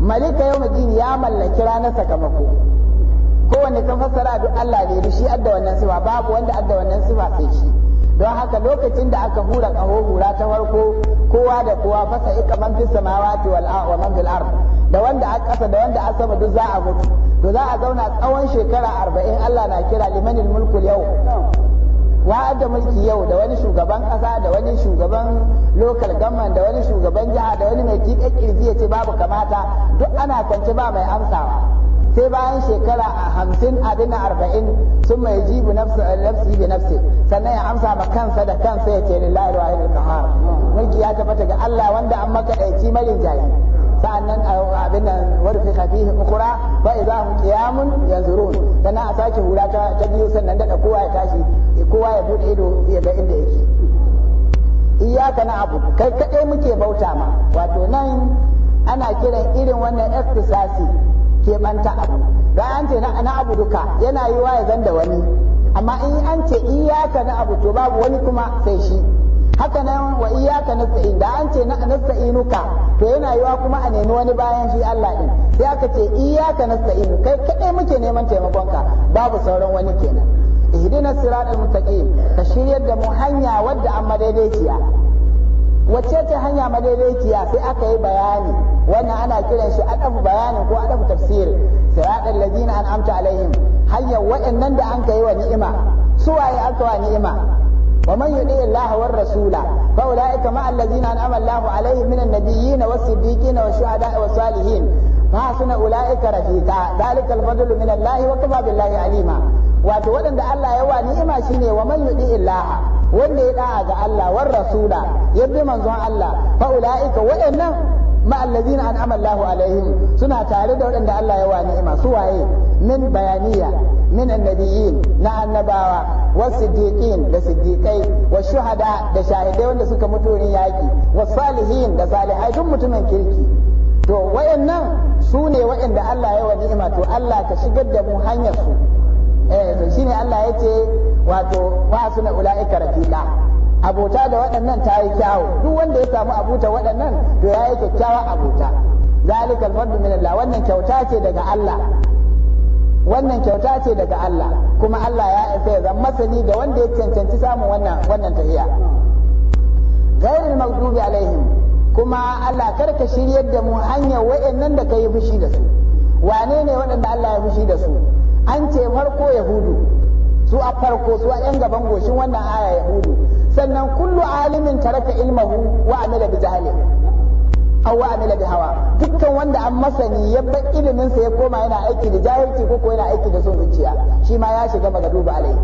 malika dini ya mallaki ranar sakamako kowanne kan fassara duk Allah ne shi adda wannan sifa babu wanda adda wannan sifa sai shi don haka lokacin da aka hura kaho hura ta farko kowa da kowa fasa ika man fi samawati wal wa man fil ard da wanda a kasa da wanda a sama duk za a mutu to za a zauna tsawon shekara arba'in Allah na kira limanil mulku yau wa adda mulki yau da wani shugaban kasa da wani shugaban lokal government da wani shugaban jiha da wani mai kike kirji ya ce babu kamata duk ana kwance ba mai amsawa sai bayan shekara a hamsin abin arba'in sun mai jibi eh, nafsi bi nafsi sannan ya amsa ma kansa da kansa ya ce lillahi wahidul qahar mulki ya tabbata ga Allah wanda an maka ɗaici malin jayi sa'annan eh, abin nan warfi khafihi ukura fa idza hum qiyamun yanzurun sannan a sake hula ta ta biyu sannan da kowa ya tashi kowa ya bude ido ya ga inda yake iyaka na abu kai kadai muke bauta ma wato nan ana kiran irin wannan ikhtisasi keɓanta abu da an ce na abu duka yana yi waye zan da wani amma in an ce iyaka na abu to babu wani kuma sai shi haka nan wa iyaka sa'in da an ce na nasta'inuka to yana yiwa kuma a nemi wani bayan shi Allah din sai aka ce iyaka nasta'in kai kaɗai muke neman taimakon ka, babu sauran wani kenan ihdina siratal muttaqin ka shiryar da mu hanya wadda amma daidaiciya wacce ce hanya madaidaiciya sai aka yi bayani wannan ana kiran shi dafu bayanin ko a adafu tafsiri siratal ladina an'amta alaihim hanyar waɗannan da anka yi wa ni'ima waye aka wa ni'ima wa man yuti Allah war rasula fa ulaika ma alladhina an'ama Allahu alaihim minan nabiyyin was siddiqin wa shuhada'i was salihin فحسن أولئك رفيقا ذلك الفضل من الله وكفى بالله عليما wato waɗanda Allah ya wa ni'ima shine wa man yudi illaha wanda ya da'a ga Allah war rasula ya bi manzon Allah fa ulaika waɗannan ma allazina an'ama Allahu alaihim suna tare da waɗanda Allah ya wa ni'ima su waye min bayaniya min annabiyin na annabawa wasiddiqin da siddiqai wa shuhada da shahidai wanda suka mutu ne yaki Salihin da salihai duk mutumin kirki to wayannan su ne wayanda Allah ya ni'ima to Allah ka shigar da mu hanyar su eh to shine Allah ya ce wato wa asuna ulaika rafiqa abota da waɗannan ta yi kyawu duk wanda ya samu abuta waɗannan to ya yi kyakkyawa abota zalika alfadlu min Allah wannan kyauta ce daga Allah wannan kyauta ce daga Allah kuma Allah ya isa ya zama masani da wanda ya cancanci samun wannan wannan tahiya ghairil maghdubi alaihim kuma Allah karka shiryar da mu hanyar waannan da ka yi fushi da su wane ne waɗanda Allah ya fushi da su an ce farko yahudu su a farko su a yan gaban goshin wannan aya yahudu sannan kullu alimin taraka ilmahu wa amila bi jahli aw wa amila bi hawa dukkan wanda an masani ya bar ilimin sa ya koma yana aiki da jahilci ko yana aiki da son zuciya shi ma ya shiga magaduba alai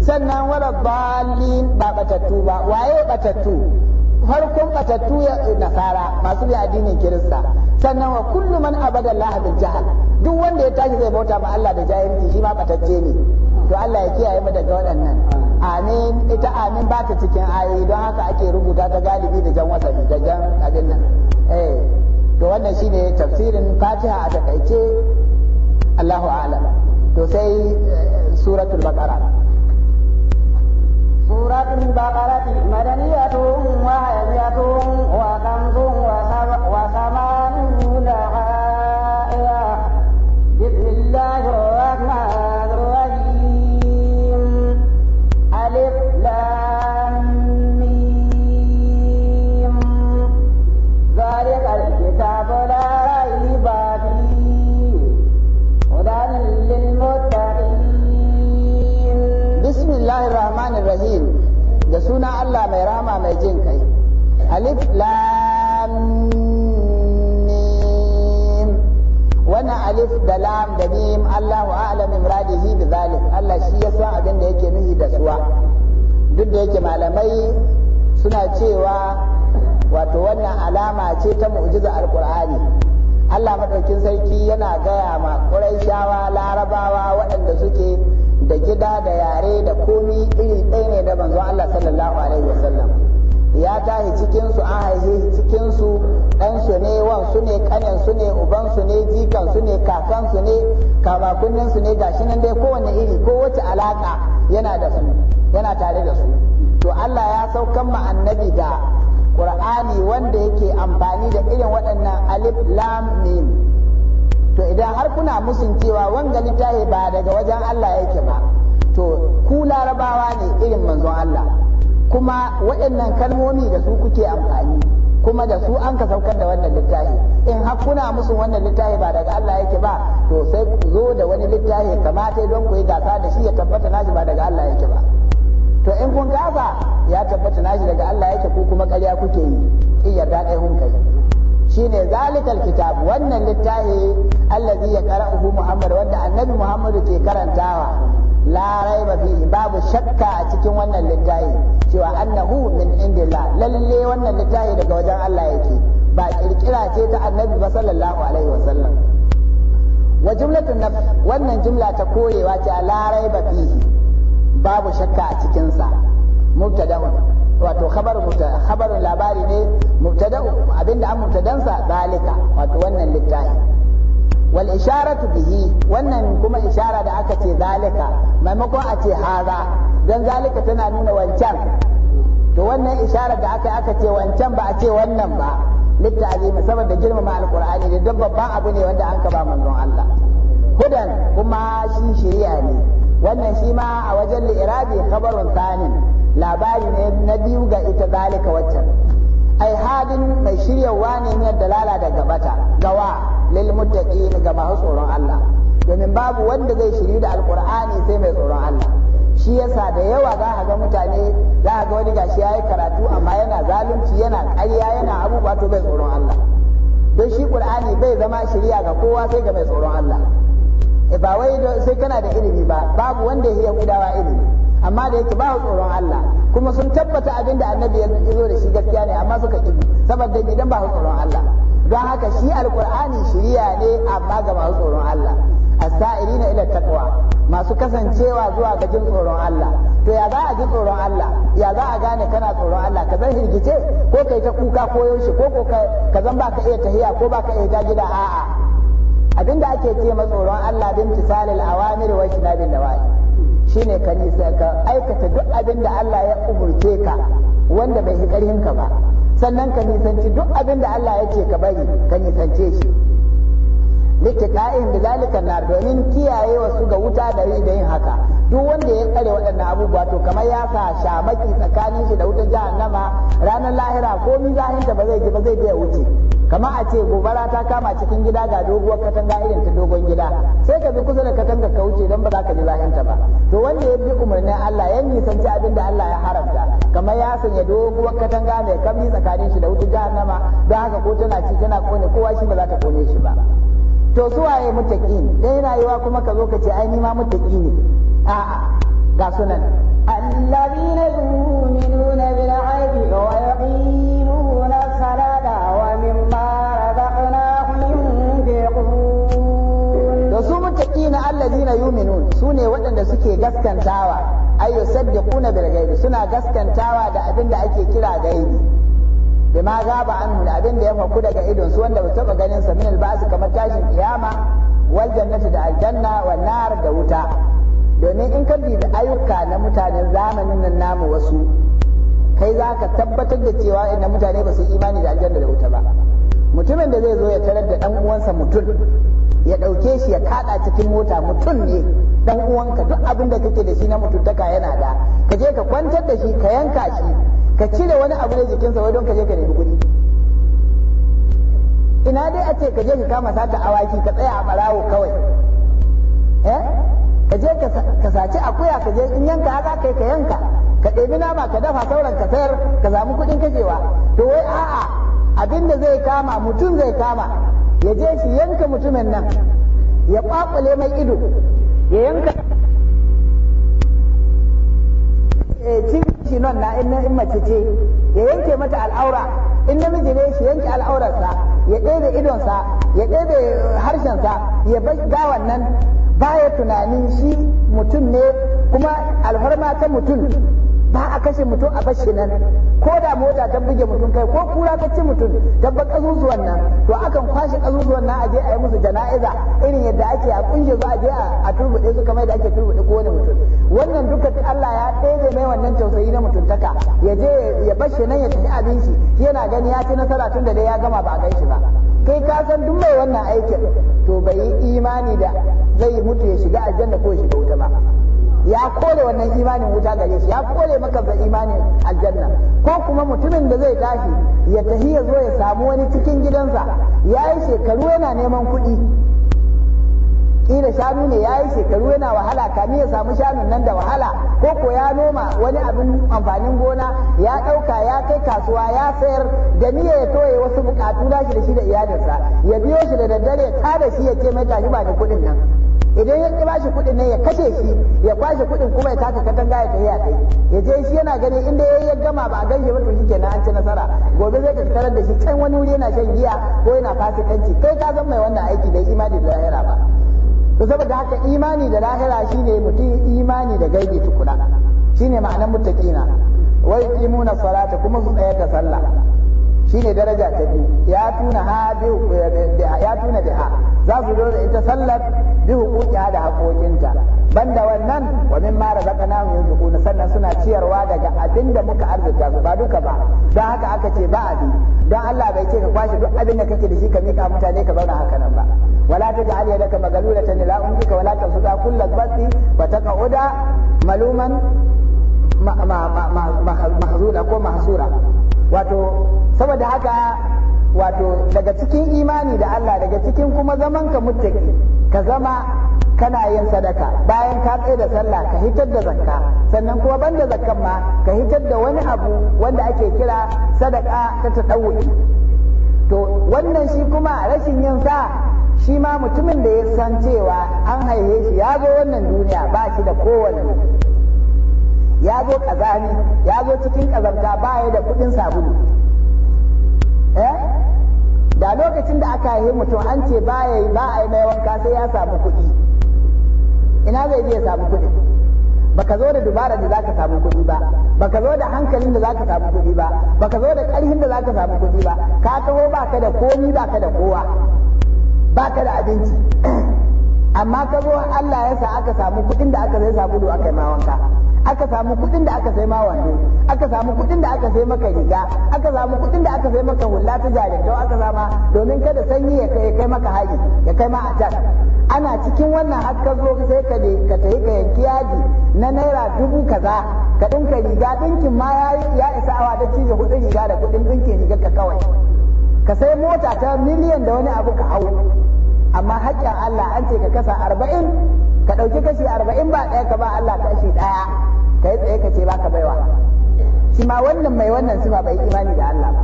sannan wala balin ba batattu ba waye batattu farkon batattu ya eh, nasara masu bi addinin kirista sannan wa kullu man abada Allah bil jahal duk wanda ya tashi zai bauta ma Allah da jahilci shi ma batacce ne to Allah ya kiyaye mu daga waɗannan amin ita amin ba ta cikin ayoyi don haka ake rubuta ta galibi da jan wasa da jan abin nan eh to wannan shine tafsirin Fatiha a takaice Allahu a'lam to sai eh, suratul baqara سورة بقرة مدنية وهيئة وكنز وسائل Allah mai rama mai jin kai alif lam mim wannan alif da lam da mim Allahu a'lam imradihi bi zalik Allah shi ya san abin da yake nuhi da suwa duk da yake malamai suna cewa wato wannan alama ce ta mu'jiza alqur'ani Allah madaukin sarki yana gaya ma Qurayshawa, larabawa waɗanda suke da gida da yare da komi iri ɗaya ne da manzo Allah sallallahu alaihi wasallam ya tahi cikin su an haihe cikin su dan su ne wan su ne kanin su ne uban su ne jikan su ne kakan su ne kamakunnin su ne gashi nan dai kowanne iri ko wace alaka yana da su yana tare da su to Allah ya saukan ma annabi da Qur'ani wanda yake amfani da irin waɗannan alif lam mim to idan har kuna musun cewa wanga littafi ba daga wajen Allah yake ba to ku larabawa ne irin manzon Allah kuma waɗannan kalmomi da su kuke amfani kuma da su an ka saukar da wannan littafi in har kuna musun wannan littafi ba daga Allah yake ba to sai ku zo da wani littafi kamata don ku yi gasa da shi ya tabbata nashi ba daga Allah yake ba to in kun gasa ya tabbata nashi daga Allah yake ku kuma ƙarya kuke yi in yarda ɗaya shine zalital kitab wannan littafi allazi ya qara'uhu muhammad wanda annabi muhammad ke karantawa la raiba fihi babu shakka a cikin wannan littafi cewa annahu min indillah lalle wannan littafi daga wajen Allah yake ba kirkira ce ta annabi ba sallallahu alaihi wasallam wa jumlatun nafs wannan jumla ta koyewa ce Larai raiba fihi babu shakka a cikin sa wato khabarun labari ne abinda an mubtadansa zalika wato wannan littafi wal isharatu bihi wannan kuma ishara da aka ce zalika maimakon a ce haza dan zalika tana nuna wancan to wannan ishara da aka aka ce wancan ba a ce wannan ba litta'azim saboda girmama alkur'ani da duk babban abu ne wanda an ba manzon Allah hudan kuma shi shari'a ne wannan shi ma a wajen li'irabi khabarun thanin labari ne na biyu ga ita zalika waccan ai hadin mai shiryawa ne min dalala da gabata gawa lil muttaqin ga masu tsoron Allah domin babu wanda zai shiryu da alqur'ani sai mai tsoron Allah shi yasa da yawa za ka ga mutane za ka ga wani gashi yayi karatu amma yana zalunci yana ƙarya yana abubuwa to bai tsoron Allah don shi qur'ani bai zama shiriya ga kowa sai ga mai tsoron Allah eh, ba wai sai kana da ilimi ba babu wanda ya iya gudawa ilimi amma da yake ba tsoron Allah kuma sun tabbata abin da annabi ya zo da shi gaskiya ne amma suka kibi saboda idan ba tsoron Allah don haka shi alkur'ani shiriya ne amma ga masu tsoron Allah as-sa'irina ila taqwa masu kasancewa zuwa ga jin tsoron Allah to ya za a ji tsoron Allah ya za a gane kana tsoron Allah ka zan hirgice ko kai ta kuka ko yaushe ko ko ka zan baka iya tahiya ko baka iya gida a'a abinda ake ce ma tsoron Allah bin tisalil awamir wa shinabin nawahi shine ka nisa ka aikata duk abin da Allah ya umurce ka wanda bai karhin ka ba sannan ka nisanci duk abin da Allah ya ce ka bari ka nisance shi liki ka'in da na domin kiyaye wasu ga wuta da da yin haka duk wanda ya tsare waɗannan abubuwa to kamar ya sa shamaki tsakanin shi da wutar nama. ranar lahira komi zahinta ba zai ji ba zai je wuce kama a ce gobara ta kama cikin gida ga doguwar katanga irin ta dogon gida sai ka bi kusa da katanga ka wuce don ba za ka ji zahinta ba to wanda ya bi umarnin Allah ya nisanci abin da Allah ya haramta kamar ya sanya doguwar katanga mai kamni tsakanin shi da wutar jahannama don haka ko tana ci tana kone kowa shi ba za ta kone shi ba to su waye mutaki dai yana yiwa kuma ka zo ka ce ai ni ma mutaki ne a'a ga sunan allazina yu'minuna bil allazina yu'minun sune waɗanda suke gaskantawa ay yusaddiquna bil ghaibi suna gaskantawa da abinda ake kira gaibi bima gaba anhu da abin da ya faku daga idon su wanda ba taba ganin sa min al kamar tashin kiyama wal jannati da aljanna wan nar da wuta domin in ka bi ayyuka na mutanen zamanin nan namu wasu kai za ka tabbatar da cewa inda mutane ba su imani da aljanna da wuta ba mutumin da zai zo ya tarar da dan uwansa mutum ya ɗauke shi ya kaɗa cikin mota mutum ne dan uwanka duk abin da kake da shi na mutuntaka yana da ka je ka kwantar da shi ka yanka shi ka cire wani abu na jikinsa wai don ka je ka nemi kuɗi ina dai a ce ka je ka kama sata awaki ka tsaya a ɓarawo kawai eh ka je ka saci akuya ka je in yanka haka kai ka yanka ka ɗebi nama ka dafa sauran ka sayar ka samu kuɗin kashewa to wai a'a abin da zai kama mutum zai kama ya je shi yanka mutumin nan ya kwakwale mai ido ya yanka eh, cin shi nan na in mace ce ya yanke mata al'aura in namiji ne shi yanke al'aurarsa ya ɗebe idonsa ya ɗebe harshensa ya bai gawan nan baya tunanin shi mutum ne kuma alfarma ta mutum ba a kashe mutum a bashi nan ko da mota ta buge mutum kai ko kura ta ci mutum dabba kazuzuwan nan to akan kwashe kazuzuwan nan a je a yi musu jana'iza irin yadda ake a kunshe su a je a turbuɗe su kamar yadda ake turbuɗe ko wani mutum wannan duka Allah ya ɗaya mai wannan tausayi na mutuntaka ya je ya bashi nan ya tafi abinci shi yana gani ya ci nasara tun da dai ya gama ba a gan shi ba kai ka san duk mai wannan aikin to bai yi imani da zai mutu ya shiga aljanna ko ya shiga wuta ba ya kore wannan imanin wuta gare shi ya kore maka da imanin aljanna ko kuma mutumin da zai tashi ya tahiya ya zo ya samu wani cikin gidansa yayi shekaru yana neman kuɗi kila shanu ne ya yi shekaru yana wahala kami ya samu shanun nan da wahala ko ko ya noma wani abin amfanin gona ya ɗauka ya kai kasuwa ya sayar da niyya ya toye wasu bukatu na shi da shi da iyalinsa ya biyo shi da daddare ta da shi ya ce mai gashi ba da kuɗin nan idan ya ba shi kuɗin nan ya kashe shi ya kwashe kuɗin kuma ya taka katanga ya tafi ya kai ya je shi yana gani inda yayi ya gama ba a gan shi ba to shikenan an ci nasara gobe zai tarar da shi can wani wuri yana shan giya ko yana fasikanci kai ka san mai wannan aiki bai imani da lahira ba to saboda haka imani da lahira shine mutum imani da gaibi tukuna shine ma'anar muttaqina wai imuna salata kuma su tsaya ta sallah shine daraja ta biyu ya tuna ha eh, ya tuna biha za su zo ita sallar bi huquqiha da hakokinta banda wannan wa min ma razaqana yunfiquna sannan suna ciyarwa daga abinda muka arzuta ba duka ba don haka aka ce ba abi don Allah bai ce ka kwashi duk abin da kake da shi ka mika mutane ka zauna haka nan ولا تجعل يدك مغلولة إلى عنقك ولا تبسطها كل البسط فتقعد ملوما mahzura ko mahsura saboda haka wato daga cikin imani da Allah daga cikin kuma zaman ka ka zama kana yin sadaka bayan ka tsaye da sallah ka hitar da zakka sannan kuma banda zakkan ma ka hitar da wani abu wanda ake kira sadaka ta tadawwi to wannan shi kuma rashin yin sa shi ma mutumin da ya san cewa an haife shi ya zo wannan duniya ba shi da kowane ya zo kazani ya zo cikin kazanta ba ya da kudin sabulu eh da lokacin da aka haife mutum an ce ba ya ba a yi mai wanka sai ya samu kuɗi ina zai je ya samu kuɗi baka zo da dubara da zaka samu kuɗi ba baka zo da hankalin da zaka samu kuɗi ba baka zo da ƙarfin da zaka samu kuɗi ba ka taho baka da komi baka da kowa baka da abinci amma ka zo Allah ya sa aka samu kuɗin da aka sai sabulu aka yi ma wanka aka samu kudin da aka sai ma wando aka samu kuɗin da aka sai maka riga aka samu kuɗin da aka sai maka hula ta jarintau aka sama domin kada sanyi ya kai kai maka haji ya kai ma attack ana cikin wannan har ka zo sai ka je ka tayi ka yanki yadi na naira dubu kaza ka dinka riga dinkin ma ya isa awa da cije kuɗin riga da kuɗin dinkin riga ka kawai ka sai mota ta miliyan da wani abu ka hau amma haƙƙin Allah an ce ka kasa arba'in ka ɗauki kashi arba'in ba ɗaya ka ba Allah kashi ɗaya ka yi tsaye ka ce ba ka baiwa shi ma wannan mai wannan sima bai imani da Allah ba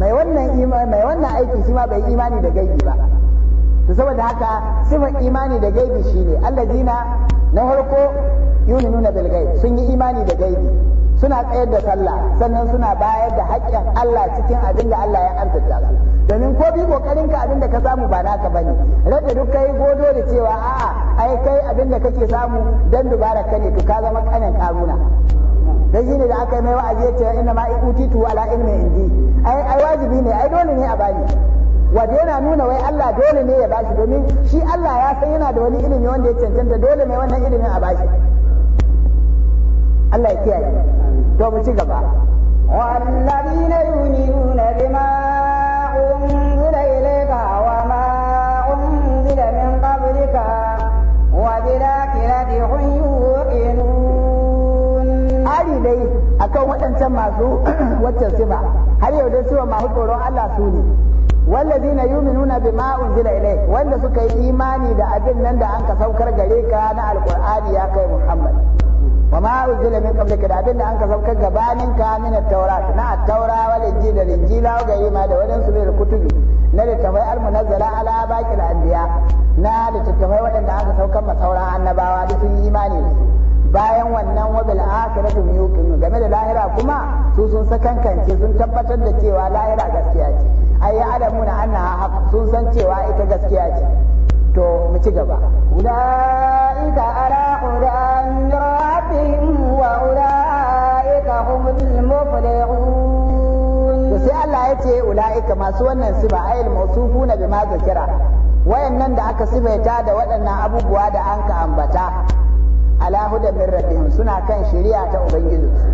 mai wannan aiki shi ma bai imani da gaibi ba to saboda haka sifar imani da gaibi shine allazina na farko yunununa nuna Bilgai, sun yi imani da gaibi suna tsayar da sallah sannan suna bayar da haƙƙin Allah cikin abin da Allah ya antata su domin ko bi kokarin ka abin da ka samu ba naka bane rage duk kai godo da cewa a'a ai kai abin da kake samu dan dubara ka ne to ka zama kanin karuna dan shine da aka mai wa'azi ya ce inna ma utitu ala ilmi indi ai ai wajibi ne ai dole ne a bani wato yana nuna wai Allah dole ne ya bashi domin shi Allah ya san yana da wani ilimi wanda ya cancanta dole mai wannan ilimin a bashi Allah ya kiyaye to mu ci gaba wallabina yuninuna bima unzila ilayka wa ma unzila min qablika wa bila kirati yuqinun ari dai akan wadancan masu waccan sifa har yau dai suwa masu tsoron Allah su ne wallazina yuminuna bima unzila ilay wanda suka yi imani da abin nan da an ka saukar gare ka na alqur'ani ya kai muhammad wa ma uzila min qablika da abinda an ka saukar gabanin ka min at-taurat na at-taura wal injil da injila ga yima da wadan su kutubi na littafai al-munazzala ala baqil anbiya na littafai wadanda aka saukar ma sauran annabawa da sun yi imani da su bayan wannan wabil akhiratu yuqinu game da lahira kuma su sun sakankance sun tabbatar da cewa lahira gaskiya ce ayi alamuna annaha sun san cewa ita gaskiya ce to mu ci gaba ulaika ala rabbihim wa ulaika humul muflihun to sai Allah ya ce ulaika masu wannan siba ayil mawsufuna bima zakira wayannan da aka sifaita da waɗannan abubuwa da an ka ambata ala hudan min rabbihim suna kan shari'a ta ubangijinsu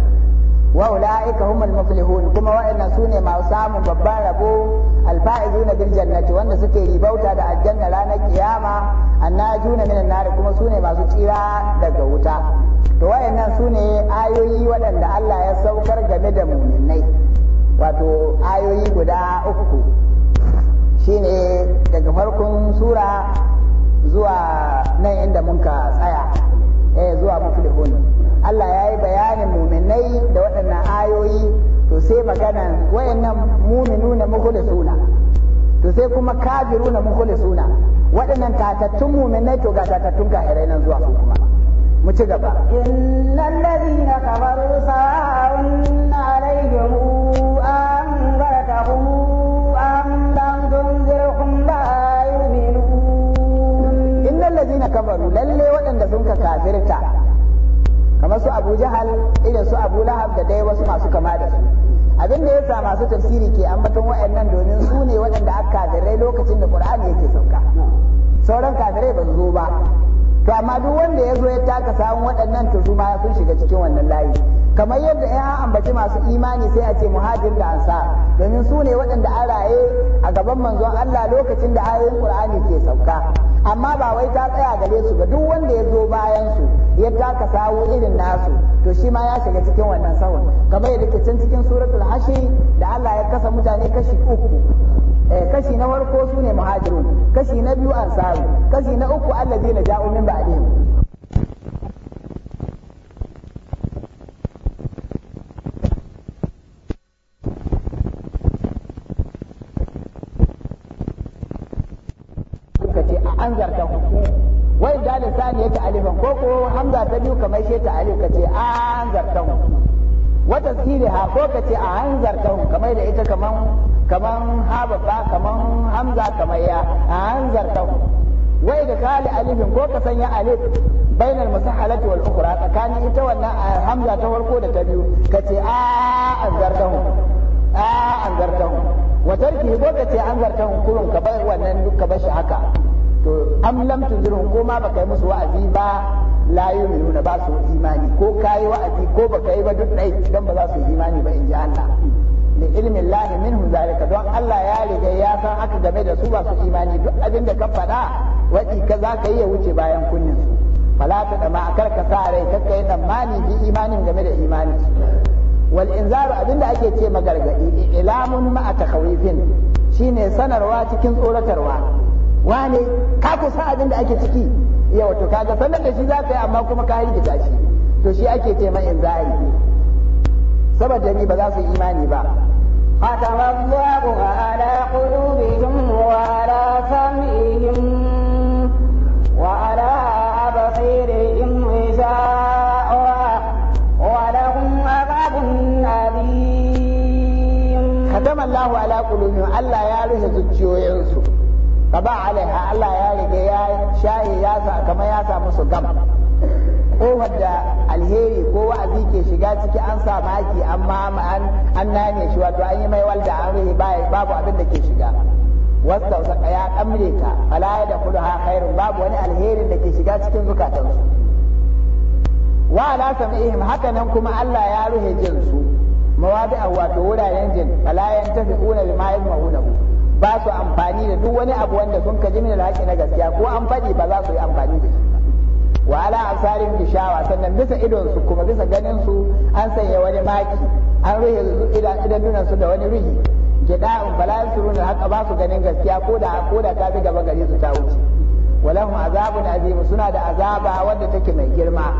wa ulaika humul muflihun kuma waɗannan sune masu samun babban rabo alfa'izuna bil jannati wanda suke ribauta da aljanna ranar kiyama annajuna minan nar kuma sune masu tsira daga wuta to wa'annan sune ayoyi waɗanda Allah ya saukar game da muminai wato ayoyi guda uku shine daga farkon sura zuwa nan inda mun ka tsaya eh zuwa muflihun Allah ya yi bayanin muminai da waɗannan ayoyi to sai magana wayannan muminu na suna, to sai kuma kafiru na suna, waɗannan tatattun muminai to ga tatattun kafirai nan zuwa kuma mu ci gaba innal ladina kafaru sa'un alaihim an barakahum am lam tunzirhum la yu'minun innal ladina kafaru lalle waɗanda sun ka kafirta kamar su abu jahal irin su abu lahab da dai wasu masu kama da su abin da yasa masu tafsiri ke ambaton waɗannan domin su ne waɗanda aka kafirai lokacin da qur'ani yake sauka sauran kafirai ba su zo ba to amma duk wanda ya zo ya taka samun waɗannan to su ya sun shiga cikin wannan layi kamar yadda ya ambaci masu imani sai a ce muhajir da ansa domin su ne waɗanda an raye a gaban manzon Allah lokacin da ayoyin Qur'ani ke sauka amma ba wai ta tsaya gare su ba duk wanda ya zo bayan su ya taka sawo irin nasu to shi ma ya shiga cikin wannan sahun kamar yadda ke can cikin suratul hashi da Allah ya kasa mutane kashi uku Eh, kashi na farko sune muhajiru kashi na biyu ansaru kashi na uku na ja'u min ba'dihim an zarta wai da lisani yake alifan ko ko hamza ta biyu kamar shi ta alif kace an zarta wata sirri ha ko kace an zarta kamar da ita kamar kaman hababa kaman hamza kamar a hanzar wai da kali alifin ko ka sanya alif bainal musahalati wal ukhra tsakanin ita wannan hamza ta farko da ta biyu kace a anzartahu a anzartahu wa tarki ko kace anzartahu kurun ka bar wannan duk ka shi haka to am lam tunzirhum ko ma baka yi musu wa'azi ba la yu'minuna ba su imani ko kai wa'azi ko baka yi ba duk dai dan ba za su imani ba in ji Allah li ilmi Allah minhum zalika don Allah ya riga ya san haka game da su ba su imani duk abin da ka faɗa wadi ka za ka yi ya wuce bayan kunnin su fala ta dama kar ka sa rai kar ka yi tsammani bi imanin game da imanin su wal inzaru abin da ake ce magargadi ilamun ma'a takawifin shine sanarwa cikin tsoratarwa wane ka kusa abin da ake ciki yau to kaga sanar da shi za ka yi amma kuma ka hirgita shi to shi ake ce ma inzari saboda ni ba za su imani ba fatama Allahu ala qulubihim wa ala sam'ihim wa ala absirihim wa wa lahum adhabun nadim fatama Allahu ala qulubihim Allah ya rufe zuciyoyin su kaba alaiha Allah ya rige ya shayi ya kamar ya sa musu gam kofar da alheri ko wa'azi ke shiga ciki an sa maki amma an an nane shi wato an yi mai walda an rufe babu abin da ke shiga wasta saka ya kamre ta fala da kudu ha khairun babu wani alherin da ke shiga cikin zukatansu wa ala sam'ihim haka nan kuma Allah ya ruhe jin su a wato wuraren jin fala tafi'una bima yasma'unahu ba su amfani da duk wani abu wanda sun kaji min alhaqi na gaskiya ko an fadi ba za su yi amfani da shi wa ala asarin bishawa sannan bisa idon su kuma bisa ganin su an sanya wani maki an ruhe idanunan su da wani ruhi gida'un fala yasuruna haka ba su ganin gaskiya ko da ko da ka bi gaba gari su ta wuce walahum azabun azim suna da azaba wadda take mai girma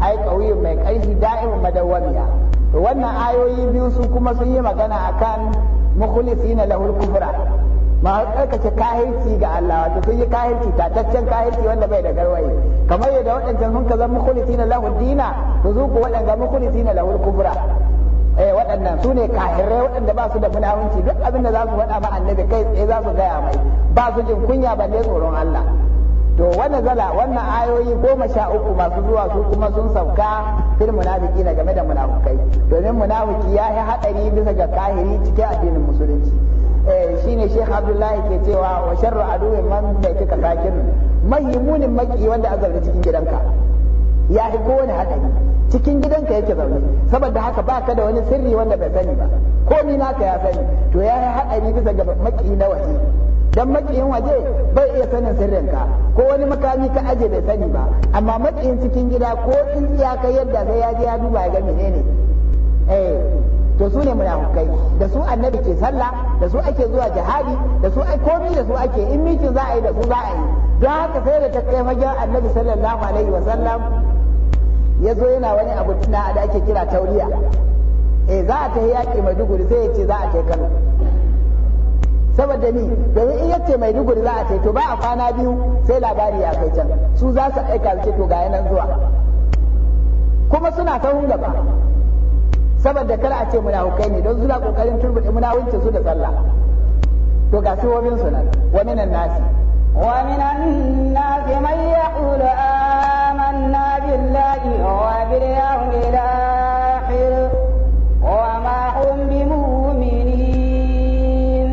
ai kauyin mai kaifi da'imun madawwamiya wannan ayoyi biyu su kuma sun yi magana akan mukhlisina lahul kufra a karkace kahirci ga Allah wato sun yi kahirci tataccen kahirci wanda bai da garwaye kamar yadda waɗancan sun ka zama mukhlisin lahu dina su zuku waɗanda mukhlisin lahu kubra eh waɗannan su ne kahirai waɗanda ba su da munafunci duk abin da za su faɗa ma annabi kai tsaye za su gaya mai ba su jin kunya ba, ne tsoron Allah to wannan zala wannan ayoyi goma sha uku masu zuwa su kuma sun sauka fil munafiki na game da munafukai domin munafiki ya yi haɗari bisa ga kahiri cikin addinin musulunci Eh, shine Sheikh Abdullahi ke cewa wa sharru aduwwi man baitika sakin munin maki wanda a zaune cikin gidanka ya fi kowane haɗari cikin gidanka yake zaune saboda haka baka da wani sirri wanda bai sani ba ko ni naka ya sani to ya yi haɗari bisa ga maki na waje dan makiyin waje bai iya sanin sirrinka ko wani makami ka aje bai sani ba amma makiyin cikin gida ko in kai yadda sai ya je ya duba ya ga menene eh to su ne munafukai da su annabi ke sallah da su ake zuwa jihadi da su ai komai da su ake in mikin za a yi da su za a yi don haka sai da ta kai fagen annabi sallallahu alaihi wa sallam ya zo yana wani abu tuna da ake kira tauriya eh za a tafi yaƙi maiduguri sai ya ce za a kai kano saboda ni domin in yace maiduguri za a kai to ba a kwana biyu sai labari ya kai can su za su aika su ce to ga yanan zuwa kuma suna sahun gaba saboda kar a ce hukai ne don suna kokarin turbuɗe munafuncin su da sallah to ga sihohin su nan wa minan nasi wa minan nasi man yaqulu amanna billahi wa bil yawmil akhir wa ma hum bimu'minin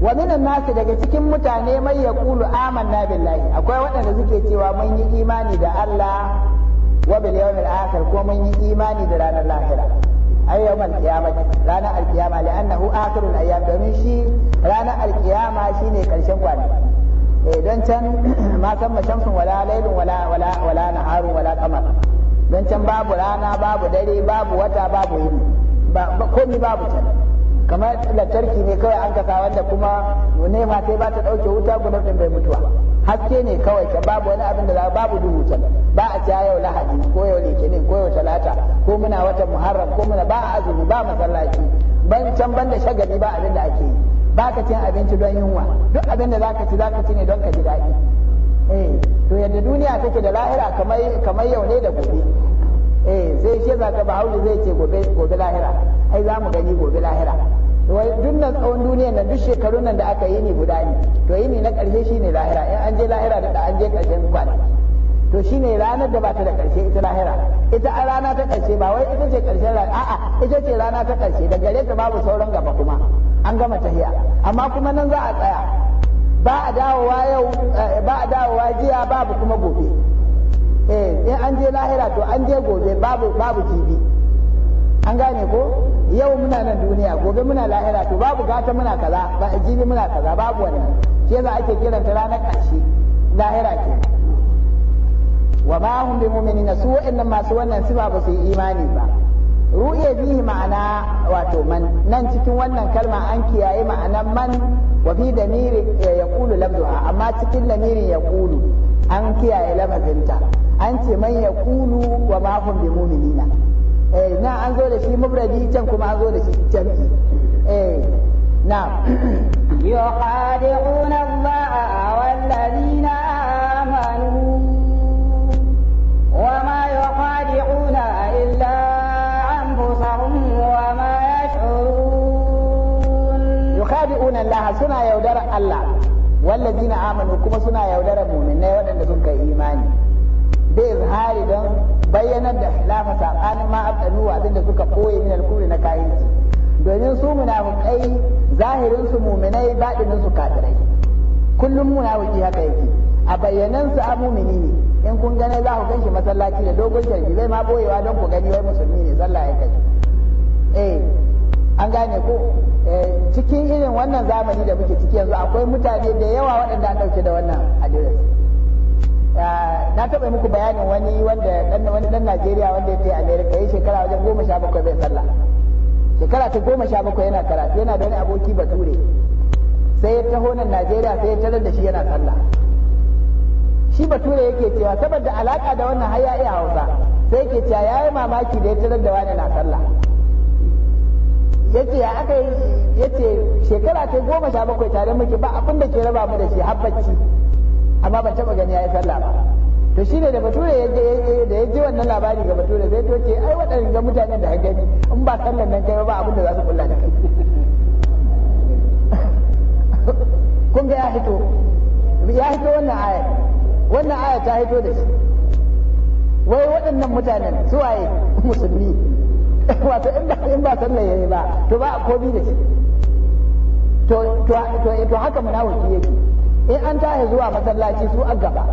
wa minan nasi daga cikin mutane mai man yaqulu amanna billahi akwai waɗanda suke cewa mun yi imani da Allah wa bil yawmil akhir ko mun yi imani da ranar lahira ayyawar alkiyama ranar alkiyama li'annahu akhirul ayyam domin shi ranar alkiyama shine karshen kwanaki eh, don can ma san mashamsun wala lailun wala wala wala wala qamar don can babu rana babu dare babu wata babu yini ba komai babu can kamar lantarki ne kawai an kasa wanda kuma nema sai ba ta dauke wuta bai mutuwa haske ne kawai ka babu wani abin da babu duhu can ba a ta yau lahadi ko yau litinin ko yau talata ko muna watan muharram ko muna ba azumi ba masallaci ban can ban da shagali ba abin da ake yi ba ka cin abinci don yunwa duk abin da zaka ci zaka ci ne don ka ji daɗi eh to yadda duniya take da lahira kamar kamar yau ne da gobe eh sai shi zaka bahaushe zai ce gobe gobe lahira ai za mu gani gobe lahira wai duk tsawon duniya nan duk shekarun nan da aka yi ne guda ne to yi ni na karshe shine lahira in an je lahira da an je karshen kwanaki to shine ranar da bata da karshe ita lahira ita a rana ta karshe ba wai ita ce karshen rana a'a ita ce rana ta karshe, da gare ta babu sauran gaba kuma an gama tahiya amma kuma nan za a tsaya ba a dawowa yau eh, ba a dawowa jiya babu kuma gobe eh in an je lahira to an je gobe babu babu jibi an gane ko yau muna nan duniya gobe muna lahira to babu gata muna kaza ba jibi muna kaza babu wannan shi za ake kiranta ranar ƙarshe lahira ke wa ma hum bi mu'minin su wa'annan masu wannan sifa ba su yi imani ba ru'ya bihi ma'ana wato man nan cikin wannan kalma an kiyaye ma'anan man wa fi damiri eh, yaqulu labduha amma cikin lamirin yaqulu an kiyaye lamazinta an ce man yaqulu wa ma hum bi mu'minina eh na an zo da shi mufradi can kuma an zo da shi jam'i eh na yuqadi'una Allah wal ladina amanu wa ma yuqadi'una illa anfusahum wa ma yash'urun yuqadi'una Allah suna yaudar Allah والذين amanu kuma suna يودر مؤمنين waɗanda sun kai imani bai zahari don bayyanar da khilafa tsakanin ma abdanu abinda suka koye min alkuri na kayanci domin su munafikai zahirin su muminai badinin su kafirai kullum munafiki haka yake a bayyanan su a mumini ne in kun gane za ku ganshi masallaci da dogon sharbi bai ma boyewa don ku gani wai musulmi ne sallah ya kai eh an gane ko eh, cikin irin wannan zamani da muke ciki yanzu akwai mutane da yawa waɗanda an ɗauke da wannan adires Ah, na taɓa muku bayanin wani wanda dan wani dan Najeriya wanda yake America yayi shekara wajen goma sha bakwai bai sallah shekara ta goma sha bakwai yana karatu yana da wani aboki bature sai ya taho nan Najeriya sai ya tarar da shi yana sallah shi bature yake cewa saboda alaka da wannan har ya iya Hausa sai yake cewa yayi mamaki da ya tarar da wani na sallah yace ya aka yace shekara ta goma sha bakwai tare muke ba abin da ke raba mu da shi har bacci amma ban taba gani yayi sallah ba to shine da bature ya je da ya ji wannan labari ga bature zai to ce ai ga mutanen da gani in ba sallan nan kai ba abin da za su kulla da kai kun ga ya hito ya hito wannan aya wannan aya ta hito da shi wai waɗannan mutanen su waye musulmi wato in ba in ba sallan yayi ba to ba a komi da shi to to to haka munafiki yake in an tashi zuwa masallaci su a gaba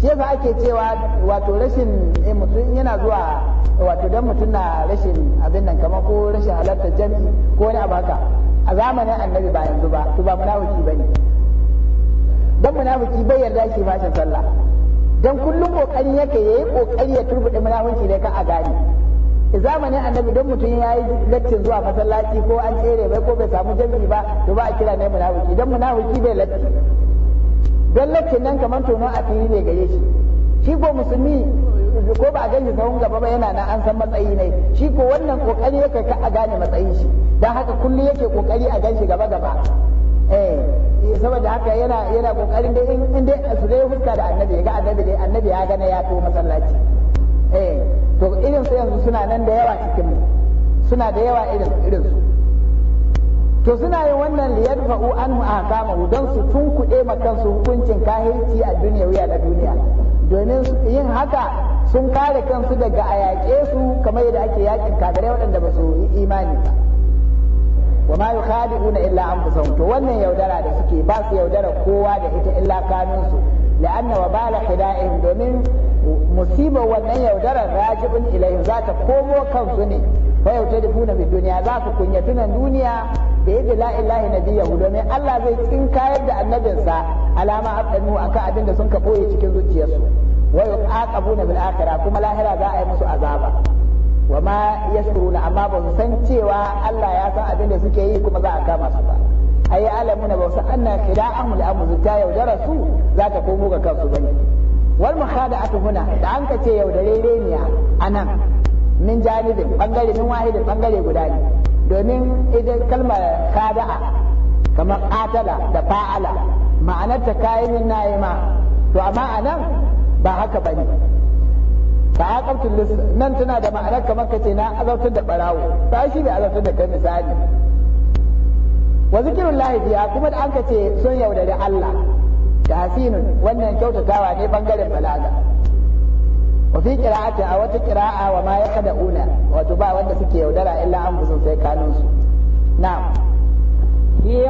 shi yasa ake cewa wato rashin eh, mutum yana zuwa wato dan mutum na rashin abin nan kamar ko rashin halartar jami'i ko wani abu haka a zamanin annabi ba yanzu ba su ba munafiki bane dan munafiki bai yarda shi fashin sallah dan kullum kokari yake yayi kokari ya turbude munafiki ne ka a gane zamanin annabi don mutum ya yi lattin zuwa masallaci ko an tsere bai ko bai samu jami'i ba to ba a kira ne munafiki don munafiki bai latti don lattin nan kamar a fili ne gare shi shi ko musulmi ko ba a gani sahun gaba ba yana nan an san matsayi ne shi ko wannan kokari yake ka a gane matsayin shi don haka kullum yake kokari a gan shi gaba gaba eh saboda haka yana yana kokarin dai in dai su dai huska da annabi ga annabi dai annabi ya gane ya to masallaci eh to irin su yanzu suna nan da yawa cikin suna da yawa irin irin su to suna yin wannan anu a ahkamahu don su tunkuɗe ma kansu hukuncin kahirci a duniya wuya da duniya domin yin haka sun kare kansu daga a yaƙe su kamar yadda ake yaƙin kagare waɗanda ba su yi imani ba wa ma yukhadi'una illa anfusahum to wannan yaudara da suke ba su yaudara kowa da ita illa kanunsu la'anna wa bala domin musiba wannan yaudarar rajibin ilayhim za ta komo kansu ne fa yautadifuna bi duniya za su kunya tunan duniya da yadda la ilaha nabiyahu domin Allah zai tsinkayar da annabinsa alama abdanu akan abin da sun ka boye cikin zuciyarsu wa yuqaqabuna bil akhirah kuma lahira za a yi musu azaba wa ma yashuruna amma ba su san cewa Allah ya san abin da suke yi kuma za a kama su ba ayi alamuna ba su anna khida'ahum al-amru ta za ta komo ga kansu bane wal mukhada'atu huna da an ka ce yaudare reniya anan min janibin bangare min wahidin bangare guda ne domin idan kalmar kada'a kamar qatala da fa'ala ma'anarta kayan nayima to amma anan ba haka bane fa aqabtu nan tana da ma'anar kamar kace na azautar da barawo ba shi bai azautar da kai misali wa zikrullahi fiha kuma da an ka ce sun yaudari Allah tahsinun wannan kyautatawa ne bangaren balaga wa fi qira'ati a wata qira'a wa ma yakada'una wato ba suke yaudara illa an busun sai kanun su na'am fi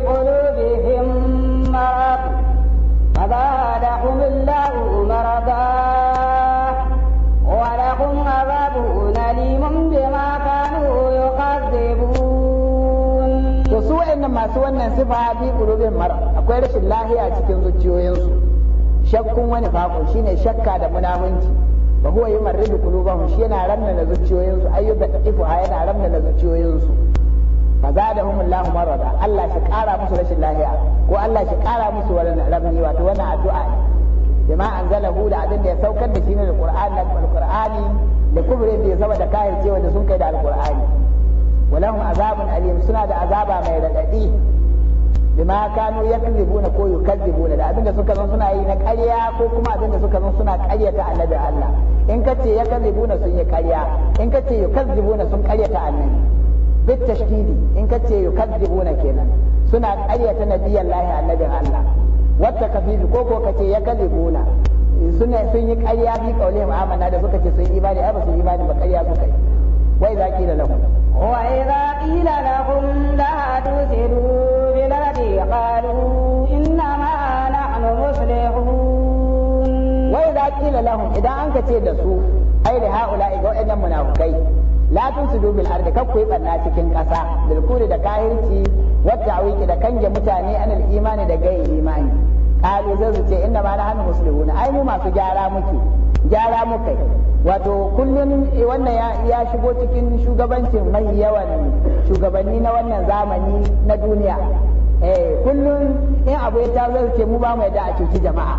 masu wannan sifa bi qulubin mara akwai rashin lahiya cikin zuciyoyinsu shakkun wani fako shine shakka da munafunci ba huwa yumarridu qulubahum shi yana ramna da zuciyoyinsu ayyuba ifuha yana ramna da zuciyoyinsu fa zadahum Allahu marada Allah shi kara musu rashin lahiya ko Allah shi kara musu rabni wato wannan addu'a ma anzalahu da abin da ya saukar da shi ne alqur'ani alqur'ani da kubrin da ya saboda cewa da sun kai da alqur'ani walahum azabin alim suna da azaba mai radadi bima kanu yakzibuna ko yukazzibuna da abinda suka zan suna yi na ƙarya ko kuma abinda suka zan suna ƙaryata annabi Allah in kace yakzibuna sun yi ƙarya in kace yukazzibuna sun ƙaryata annabi bit tashdidi in kace yukazzibuna kenan suna ƙaryata nabiyan lahi annabin Allah wata kafifi ko ko kace yakzibuna suna sun yi ƙarya bi kaulihim amana da suka ce sun ba suka yi وإذا قيل لهم وإذا قيل لهم لا تفسدوا في الأرض قالوا إنما نحن مصلحون وإذا قيل لهم إذا أنت تدسوا أي لهؤلاء وإن منافقين لا تفسدوا في الأرض كفوا بنا cikin ƙasa bilkuri da kahirci wata wiki da kange mutane anil imani da gayi imani kalu zai ce inna ma nahnu muslimuna ai mu masu gyara muke gyara muka wato kullum wannan ya shigo cikin shugabancin mai yawan shugabanni na wannan zamani na duniya eh kullum in abu ya tazo ce mu ba mu yarda a cuci jama'a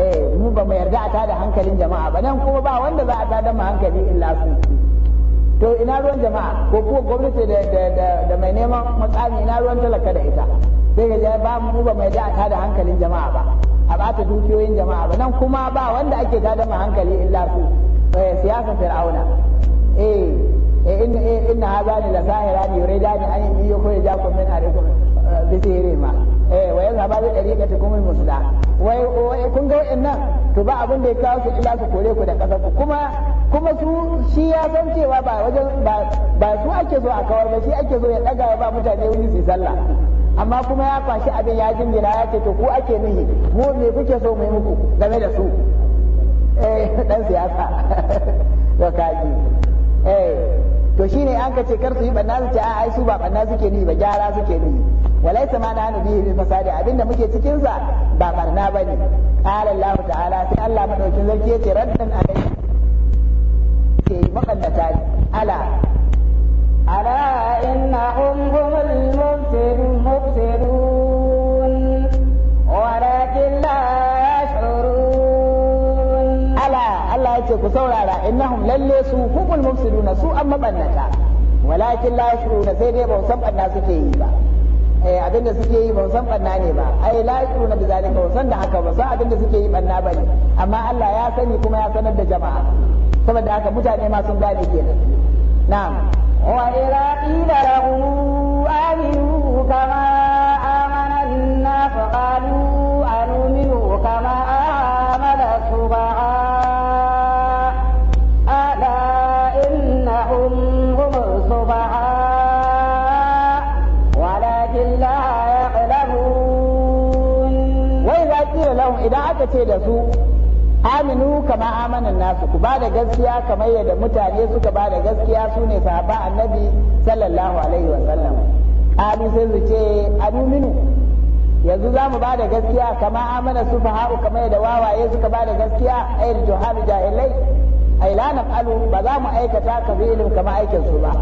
eh mu ba mu yarda a tada hankalin jama'a ba nan kuma ba wanda za a tada mu hankali illa su to ina ruwan jama'a ko ko gwamnati da mai neman matsami ina ruwan talaka da ita sai ga ba mu ba mai da a tada hankalin jama'a ba a bata dukiyoyin jama'a ba nan kuma ba wanda ake gada ma hankali illa su eh, siyasa fir'auna eh, eh inna eh, inna ni la da ni an ko min arikum bisiri ma eh wa yanzu ba zai dariƙa ta kuma musula wai wai kun ga wayannan to ba abin da ya kawo su illa su kore ku da ƙasar ku kuma kuma su shi ya san cewa ba wajen ba su ake zo a kawar ba shi ake zo ya daga ba mutane wuri su sallah amma kuma ya kwashi abin ya jingina ya ce to ku ake nihi mu me kuke so mu muku game da su eh dan siyasa to kaji eh to shine an ka ce kar su yi banna su ce a ai su ba banna suke ni ba gyara suke ni walaysa ma na bihi bil fasadi abinda muke cikin sa ba barna bane qala Allah ta'ala sai Allah madaukin sarki yace raddan alai ke makallata ala ألا إنهم هم المفسدون ولكن لا يشعرون ألا ألا يتكو سورة إنهم لن هم المفسدون سوءا مبنتا ولكن لا يشعرون سيدي بوسم الناس كيبا eh abin da suke yi ban san banna ne ba ai la yaquluna na zalika ban san da haka ba san abin da suke yi banna ba ne amma Allah ya sani kuma ya sanar da jama'a saboda haka mutane ma sun gane kenan na'am وإذا قيل لهم آمنوا كما آمن الناس قالوا أنؤمن كما آمن السفهاء ألا إنهم هم السفهاء ولكن لا يعلمون وإذا قيل لهم إذا أتت لسوء aminu kama amanan nasu ku ba da gaskiya kamar yadda mutane suka bada gaskiya su ne sahaba annabi sallallahu alaihi wa sallam ali sai su ce aminu yanzu za mu da gaskiya kama amana su fahau kamar yadda wawaye suka bada gaskiya ayar juhar jahilai ai la naf'alu ba za mu aikata ka filin kamar aikin su ba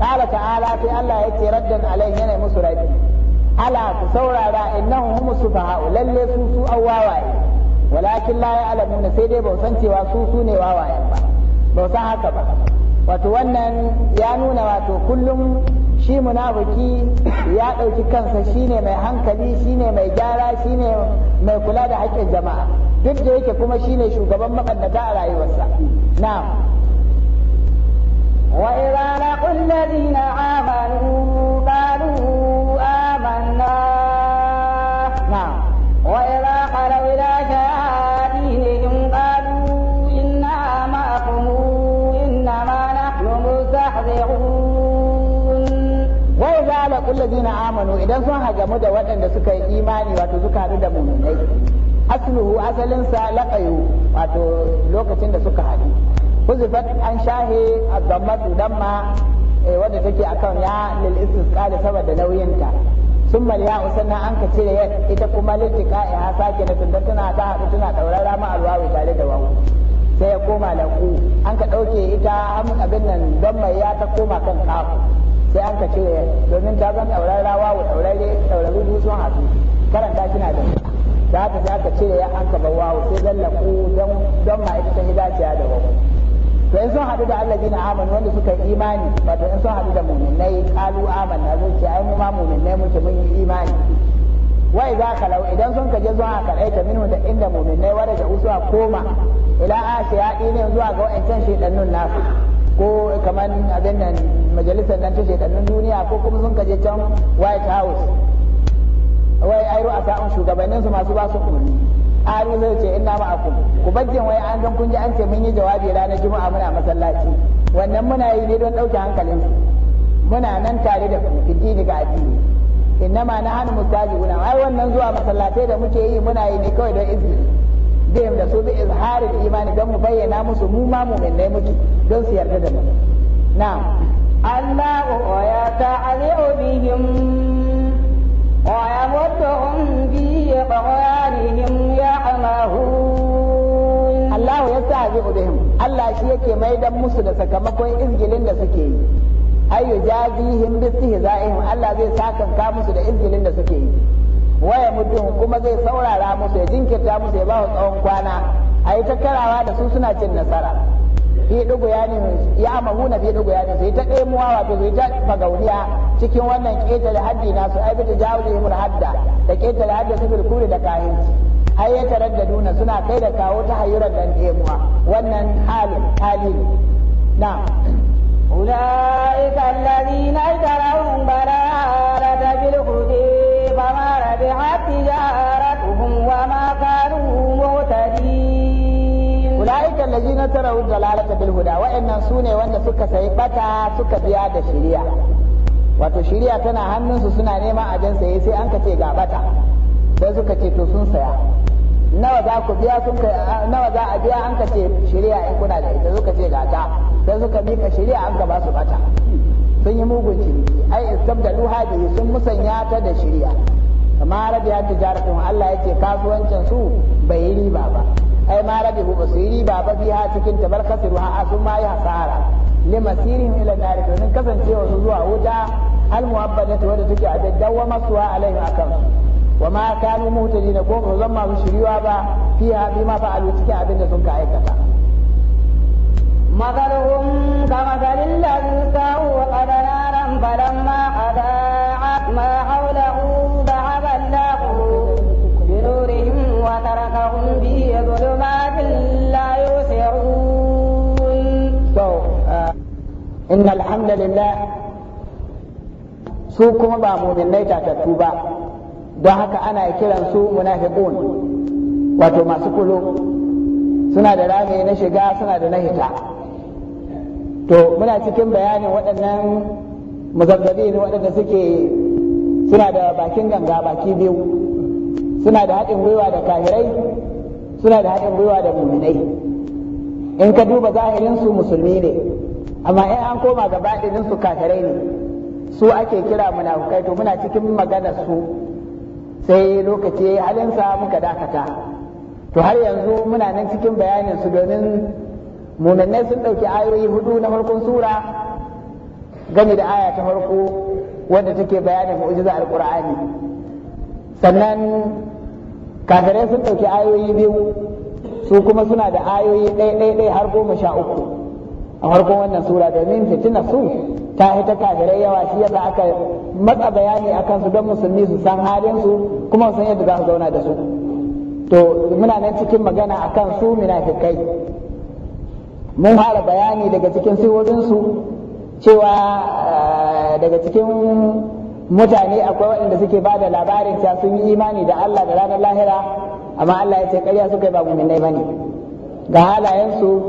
qala ta'ala sai Allah yake raddan alai yana musu rabi ala ku saurara innahum humus sufaha lalle su su awawaye walakin la ya'lamuna sai dai ba san cewa su su wawayen ba ba haka ba wato wannan ya nuna wato kullum shi munafuki ya ɗauki kansa shine mai hankali shine mai gyara shine mai kula da hakkin jama'a duk da yake kuma shine shugaban makannata a rayuwarsa na'am وإذا لقوا الذين آمنوا ladina amanu idan sun hagamu da waɗanda suka yi imani wato suka haɗu da muminai asluhu asalinsa laqayu wato lokacin da suka haɗu huzifat an shahe addammatu damma eh, wadda take akan ya lil istisqali saboda nauyinta sun ya usanna an ka cire ita kuma littika ya sake na tunda tana ta haɗu tana daura rama alwawi tare da wawu sai ya koma laƙu an ka ɗauke ita abin nan don mai ya ta koma kan kafu sai an ka cire domin ta zama ɗaurar rawa wa ɗaurar ɗaurarru sun haɗu karanta kina da ta haka sai aka cire ya an ka bar wawo sai zallaku don don ma hidaciya da wawo to in sun haɗu da allah na amanu wanda suka yi imani wato in sun haɗu da muminai kalu amanna na zuciya ai mu ma muminai muke mun yi imani wai za ka lau idan sun kaje zuwa a ta minu da inda muminai wadda da usuwa koma ila ashiya ne zuwa ga wa'ancan ɗannun nasu ko kamar abin nan majalisar nan ta shekarun duniya ko kuma sun kaje can white house wai ru'a a an shugabannin su masu basu umarni aro zai ce ina aku ku bajin wai an don kun ji an ce mun yi jawabi ranar juma'a muna masallaci wannan muna yi ne don ɗauke hankalin su muna nan tare da ku addini ga addini ma na hannu mustajiuna ai wannan zuwa masallatai da muke yi muna yi ne kawai don izini bihim da su bi da imani don mu bayyana musu mu ma ne muke don su yarda da mu na'am الله ويتعذر ya ويمدهم في طغيانهم يعمهون الله يستهزئ bihim Allah shi yake mai dan musu da sakamakon izgilin da suke yi ayyu jazihim bi istihza'ihim Allah zai sakanka musu da izgilin da suke yi waya mutum kuma zai saurara musu ya jinkirta musu ya bawa tsawon kwana a yi takarawa da su suna cin nasara fi dugu ya ne ya amahu na fi dugu ya ne sai ta ɗemuwa wato sai ta fagauniya cikin wannan ƙetare haddi na su aibita jawuli imul hadda da ƙetare hadda su kuri da kayanci ai ya tarar da duna suna kai da kawo ta hayyuran dan ɗemuwa wannan halin hali na أولئك الذين bara تجارتهم وما كانوا مهتدين أولئك الذين تروا الضلالة بالهدى وإن سوني وإن سكة سيبتا سكة بيادة شريعة wato shirya tana hannunsu suna nema jan saye sai an kace ga bata sai suka ce to sun saya nawa za ku biya sun kai nawa za a biya an kace shirya in kuna da ita suka ce ga ta sai suka mika shirya an ka ba su bata sun yi mugun ciniki ai istabdalu hadi sun musanya ta da shirya ma rabi ya tijaratun Allah ya ce kasuwancin su bai yi riba ba ai ma rabi ba su yi riba ba biya cikin ta ruha sun ma yi hasara li masirihim ila nari domin kasancewa su zuwa wuta al muhabbadatu wadda take a daddawa masuwa alaihim akan wa ma kanu muhtadina ko ba zan masu shiriwa ba fiha bima fa'alu cikin abin da sun ka aikata مثلهم كمثل الذي استوى قد نارا فلما أضاعت ما حوله تركهم في ظلمات لا uh, إن الحمد لله su kuma ba muminai tatattu ba don haka ana kiran su munafiqun wato masu kulo suna da rami na shiga suna da na hita to muna cikin bayanin waɗannan muzabbabi waɗanda suke suna da bakin ganga baki biyu suna da haɗin gwiwa da kahirai suna da haɗin gwiwa da muminai in ka duba zahirinsu musulmi ne amma in an koma ga baɗininsu kahirai ne su ake kira munafukai to muna cikin magana su sai lokaci halinsa muka dakata to har yanzu muna nan cikin bayanin su domin muminai sun ɗauki ayoyi hudu na farkon sura gani da aya ta farko wanda take bayanin mu'ujiza alqur'ani sannan kafirai sun ɗauki ayoyi biyu su kuma suna da ayoyi ɗai-ɗai har goma sha uku a farkon wannan sura domin fitina su ta hita kafirai yawa shi yasa aka matsa bayani a kansu don musulmi su san halin su kuma san yadda za su zauna da su to muna nan cikin magana a kan su munafikai mun fara bayani daga cikin siwodinsu cewa eh, daga cikin mutane akwai waɗanda suke ba da labarin cewa sun yi imani da Allah da ranar lahira amma Allah ya ce ƙarya suka yi ba muminai ne. ga halayensu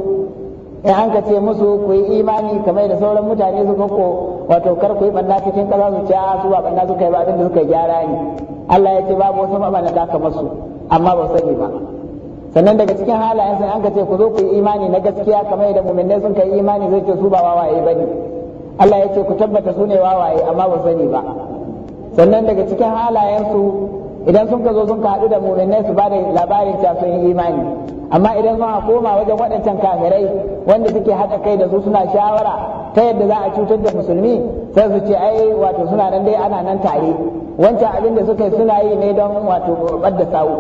in an ka ce musu ku yi imani kamar da sauran mutane suka ko wato kar ku yi banna cikin ƙasa su ce a ah, su ba banna suka yi ba abinda suka gyara ne Allah ya ce babu wasu mabana da aka masu amma ba sani ba sannan daga cikin halayen sai an ka ce ku zo ku yi imani na gaskiya kamar da muminai sun kai imani zai ce su ba wawaye ba ne. Allah ya ce ku tabbata su ne wawaye amma ba sani ba sannan daga cikin halayensu idan sun ka zo sun ka haɗu da muminai su ba da labarin ta sun yi imani amma idan sun koma wajen waɗancan kafirai wanda suke haɗa kai da su suna shawara ta yadda za a cutar da musulmi sai su ce ai wato suna nan dai ana nan tare wancan abin da suka suna yi ne don wato da sawu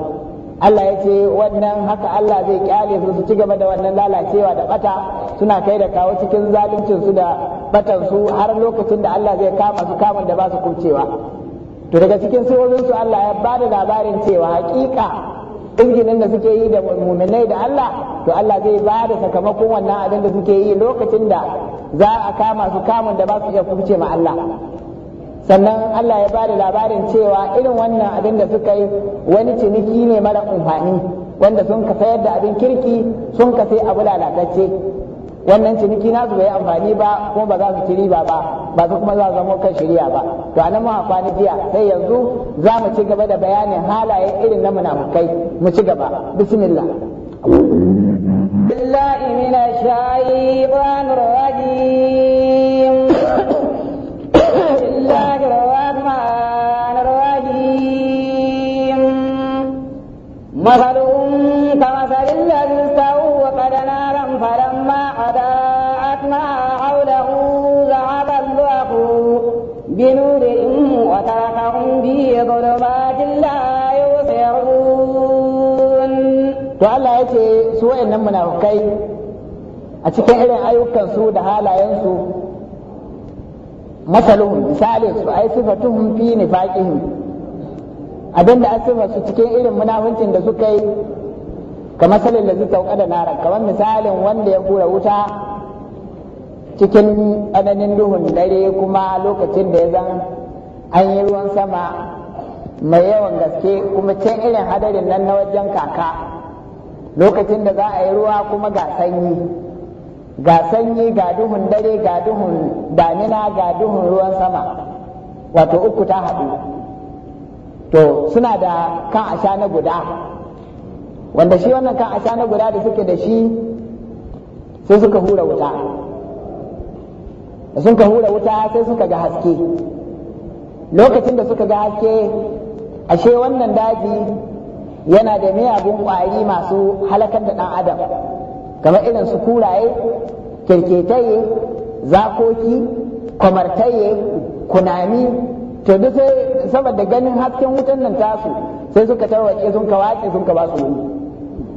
Allah ya ce wannan haka Allah zai kyale su su ci gaba da wannan lalacewa da bata suna kai da kawo cikin zaluncin su da batan su har lokacin da Allah zai kama su kamun da ba su kurcewa to daga cikin sirrin su Allah ya ba da labarin cewa hakika injinin da suke yi da mu'minai da Allah to Allah zai ba da sakamakon wannan abin da suke yi lokacin da za a kama su kamun da ba su iya kuce ma Allah sannan Allah ya ba da labarin cewa irin wannan abin da suka yi wani ciniki ne mara amfani wanda sun ka sayar da abin kirki sun ka sai abu lalatacce wannan ciniki na nasu bai amfani ba kuma ba za su ci riba ba ba su kuma za su zama kan shirya ba to anan mu amfani jiya sai yanzu za mu ci gaba da bayanin halaye irin na munafukai mu ci gaba bismillah ظلمات to Allah ya ce su wayannan munafukai a cikin irin ayyukansu da halayensu masalun misalin su ai sifatuhum fi nifaqihim abinda an sifa su cikin irin munafincin da suka yi kamar salin da zai sauka da nara kamar misalin wanda ya bura wuta cikin tsananin duhun dare kuma lokacin da ya zan an yi ruwan sama mai yawan gaske kuma can irin hadarin nan na wajen kaka lokacin da za a yi ruwa kuma ga sanyi ga sanyi ga duhun dare ga duhun damina ga duhun ruwan sama wato uku ta haɗu to suna da kan asha na guda wanda shi wannan kan asha na guda da suke da shi sai suka hura wuta da suka hura wuta sai suka ga haske lokacin da suka ga haske ashe wannan daji yana da miyagun ƙwari masu halakar da ɗan adam kamar irin su kuraye kirketaye zakoki kwamartaye kunami to duk sai saboda ganin hasken wutan nan tasu sai suka tarwace sun ka sun ka ba su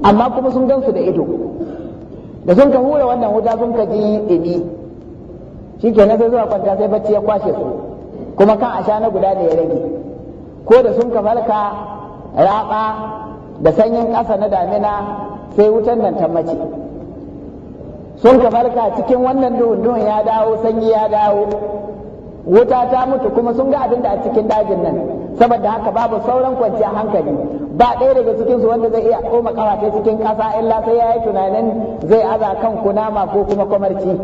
amma kuma sun gansu da ido da sun ka hura wannan wuta sun ka ji ɗimi shi kenan sai zuwa kwanta sai bacci ya kwashe su kuma kan na guda ne ya rage ko da sun ka falka raɓa da sanyin ƙasa na damina sai wutan nan ta mace sun ka falka cikin wannan duhun ya dawo sanyi ya dawo wuta ta mutu kuma sun ga abin da a cikin dajin nan saboda haka babu sauran kwanciyar hankali ba ɗaya daga cikinsu wanda zai iya koma kawace cikin ƙasa illa sai ya yi tunanin zai aza kan kunama ko kuma kwamarci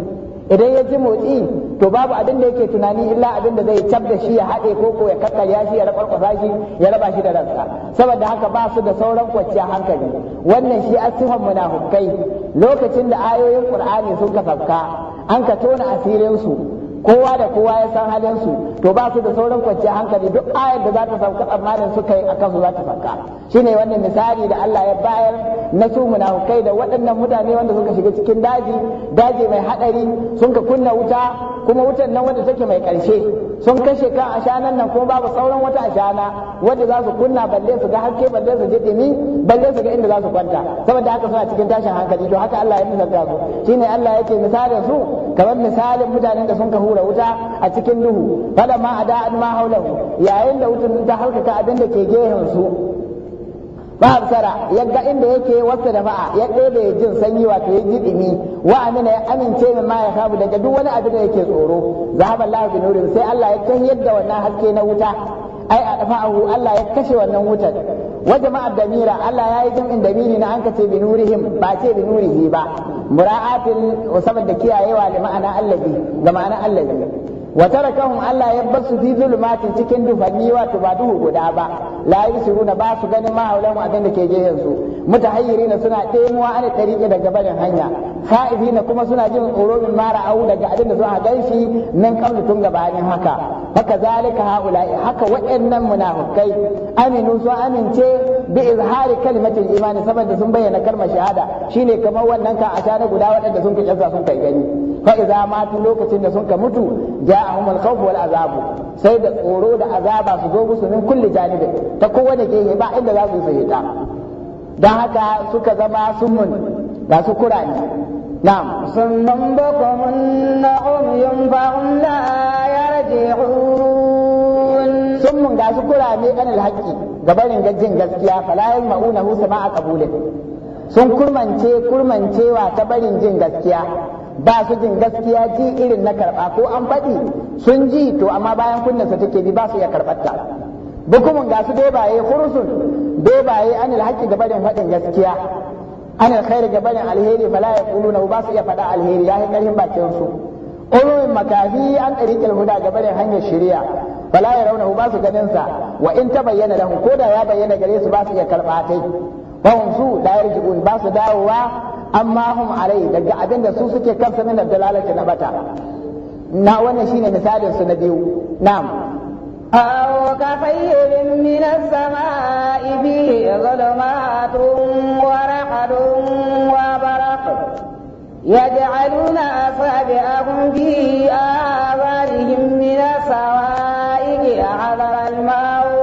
idan ya ji motsi to babu abin da yake tunani illa abin da zai da shi ya haɗe ko ko ya shi ya rabarkwasa shi ya raba shi da ransa saboda haka ba su da sauran kwanciya hankali wannan shi asihon munafukai lokacin da ayoyin qur'ani sun ka an ka tona asirin su kowa da kowa ya san halin su to ba su da sauran kwanciyar hankali duk ayar da za ta sauka tsammanin su kai akan su za ta sauka shine wannan misali da Allah ya bayar na su munafukai da waɗannan mutane wanda suka shiga cikin daji daji mai haɗari, sun ka kunna wuta kuma wutan nan wadda take mai ƙarshe sun kashe kan ashanan nan kuma babu sauran wata ashana wadda za su kunna balle su ga hakke balle su je dimi balle su ga inda za su kwanta saboda haka suna cikin tashin hankali to haka Allah ya misalta su shine Allah yake misalin su kamar misalin mutanen da sun ka hura wuta a cikin duhu fada ma ada an ma haulahu yayin da wutan ta halkaka abin da ke gehen su ba absara yadda inda yake wata da ma'a ya ɗebe jin sanyi wato ya ji dimi wa amina ya amince min ma ya kabu daga duk wani abin da yake tsoro zahaba Allah bi nurin sai Allah ya kai yadda wannan haske na wuta ai a dafa'ahu Allah ya kashe wannan wutar wa jama'a damira Allah ya yi jam'in damiri na an kace bi nurihim ba ce bi nurihi ba mura'atin saboda kiyayewa da ma'ana allazi ga ma'ana allazi watara tarakahum Allah ya bar su fi matin cikin dufanni wato ba duhu guda ba la yusiruna ba su ganin ma haulan abin da ke gehen su mutahayyirina suna ɗemuwa ana tariƙi daga barin hanya fa'idina kuma suna jin tsoro mara au daga abin da gan shi nan kamar tun gabanin haka haka zalika haula'i haka waɗannan munafukai aminu su amince bi izhari kalimatul imani saboda sun bayyana kalmar shahada shine kamar wannan ka a guda waɗanda sun kiyasa sun kai gani fa idza matu lokacin da suka ka mutu ja'ahum al-khawf wal azab sai da tsoro da azaba su zo musu min kulli janibi ta kowane gehe ba inda za su yi ta dan haka suka zama sun sumun ga su kurani na'am sunnan bakum na'um fa'um la yarji'un summun ga su kurani anil haqqi gabarin gajin gaskiya fala yamuna hu sama'a qabulin sun kurmance kurmancewa ta barin jin gaskiya ba su jin gaskiya ji irin na karɓa ko an faɗi sun ji to amma bayan kunnensa take bi ba su iya karɓar ta bukumin ga su dobaye furusun bebaye anil haƙƙi gabanin faɗin gaskiya anil khairi gabanin alheri fala ya na ba su iya faɗa alheri ya yi ƙarfin bakin su ulumin makafi an ɗariƙil huda gabanin hanyar shari'a fala ya rauna ba su ganin sa wa in ta bayyana lahum ko da ya bayyana gare su ba su iya karɓa tai su da yarji'un ba su dawowa amma hum alai daga abin da su suke kansa min dalalati na bata na wannan shine misalin su na biyu na'am aw kafayyibin min as-sama'i bi zulumatun wa ra'dun wa baraq yaj'aluna asabi'ahum bi abarihim min as-sawa'i hadara al-maut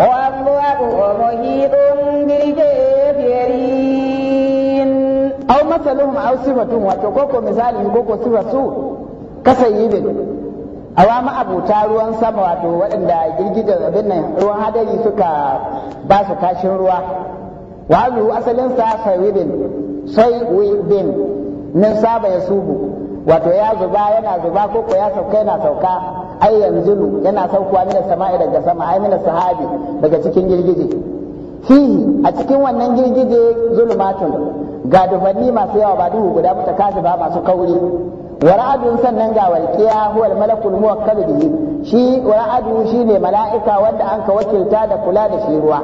والله محيط بالجيش masaluhum aw sifatun wato koko misali koko sifa su kasayyibin awa ma'abuta ruwan sama wato waɗanda girgijar abin nan ruwan hadari suka ba su kashin ruwa wazu asalinsa sayyibin bin min saba ya subu wato ya zuba yana zuba koko ya sauka yana sauka ai yanzu yana saukuwa mina sama'i daga sama ai mina sahabi daga cikin girgije fihi a cikin wannan girgije zulmatun ga dubanni masu yawa ba duhu guda ba masu kauri wa sannan ga walƙiya huwal malakul muwakkal bihi shi adu shine mala'ika wanda an ka wakilta da kula da shi ruwa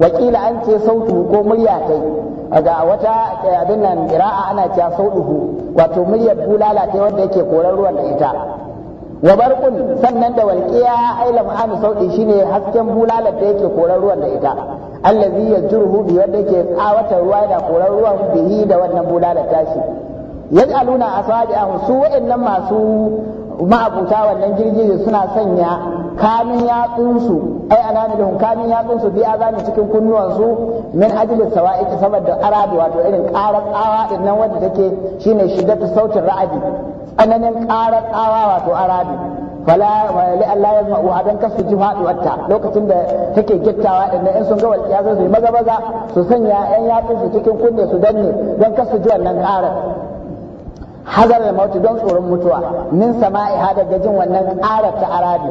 wakila an ce sautu ko murya tai ga wata eh, abin nan qira'a ana cewa sautu wato muryar bulala tai wanda yake koran ruwan da ita wa barkun sannan da walqiya ai an sauti shine hasken bulalar da yake koran ruwan da ita allazi yajruhu bi wanda yake tsawata ruwa da koran ruwan bihi da wannan bulalar tashi yaj'aluna asabi'ahu su wa'annan masu ma'abuta wannan girgije suna sanya kamin yatsunsu ai da kamin yatsunsu bi azami cikin kunnuwansu min ajli sawa'iki, saboda arabi wato irin karar tsawa din nan wanda take shine shiddatu sautin ra'adi tsananin ƙarar tsawa wato aradu fala li Allah ya wa dan kasu ji wata lokacin da take gittawa din in sun ga walƙiya su yi maza baza su sanya ƴan yatsun su cikin kunne su danne dan kasu ji wannan ƙarar hazar da mauti don tsoron mutuwa min sama'i hada gajin wannan ƙarar ta arabi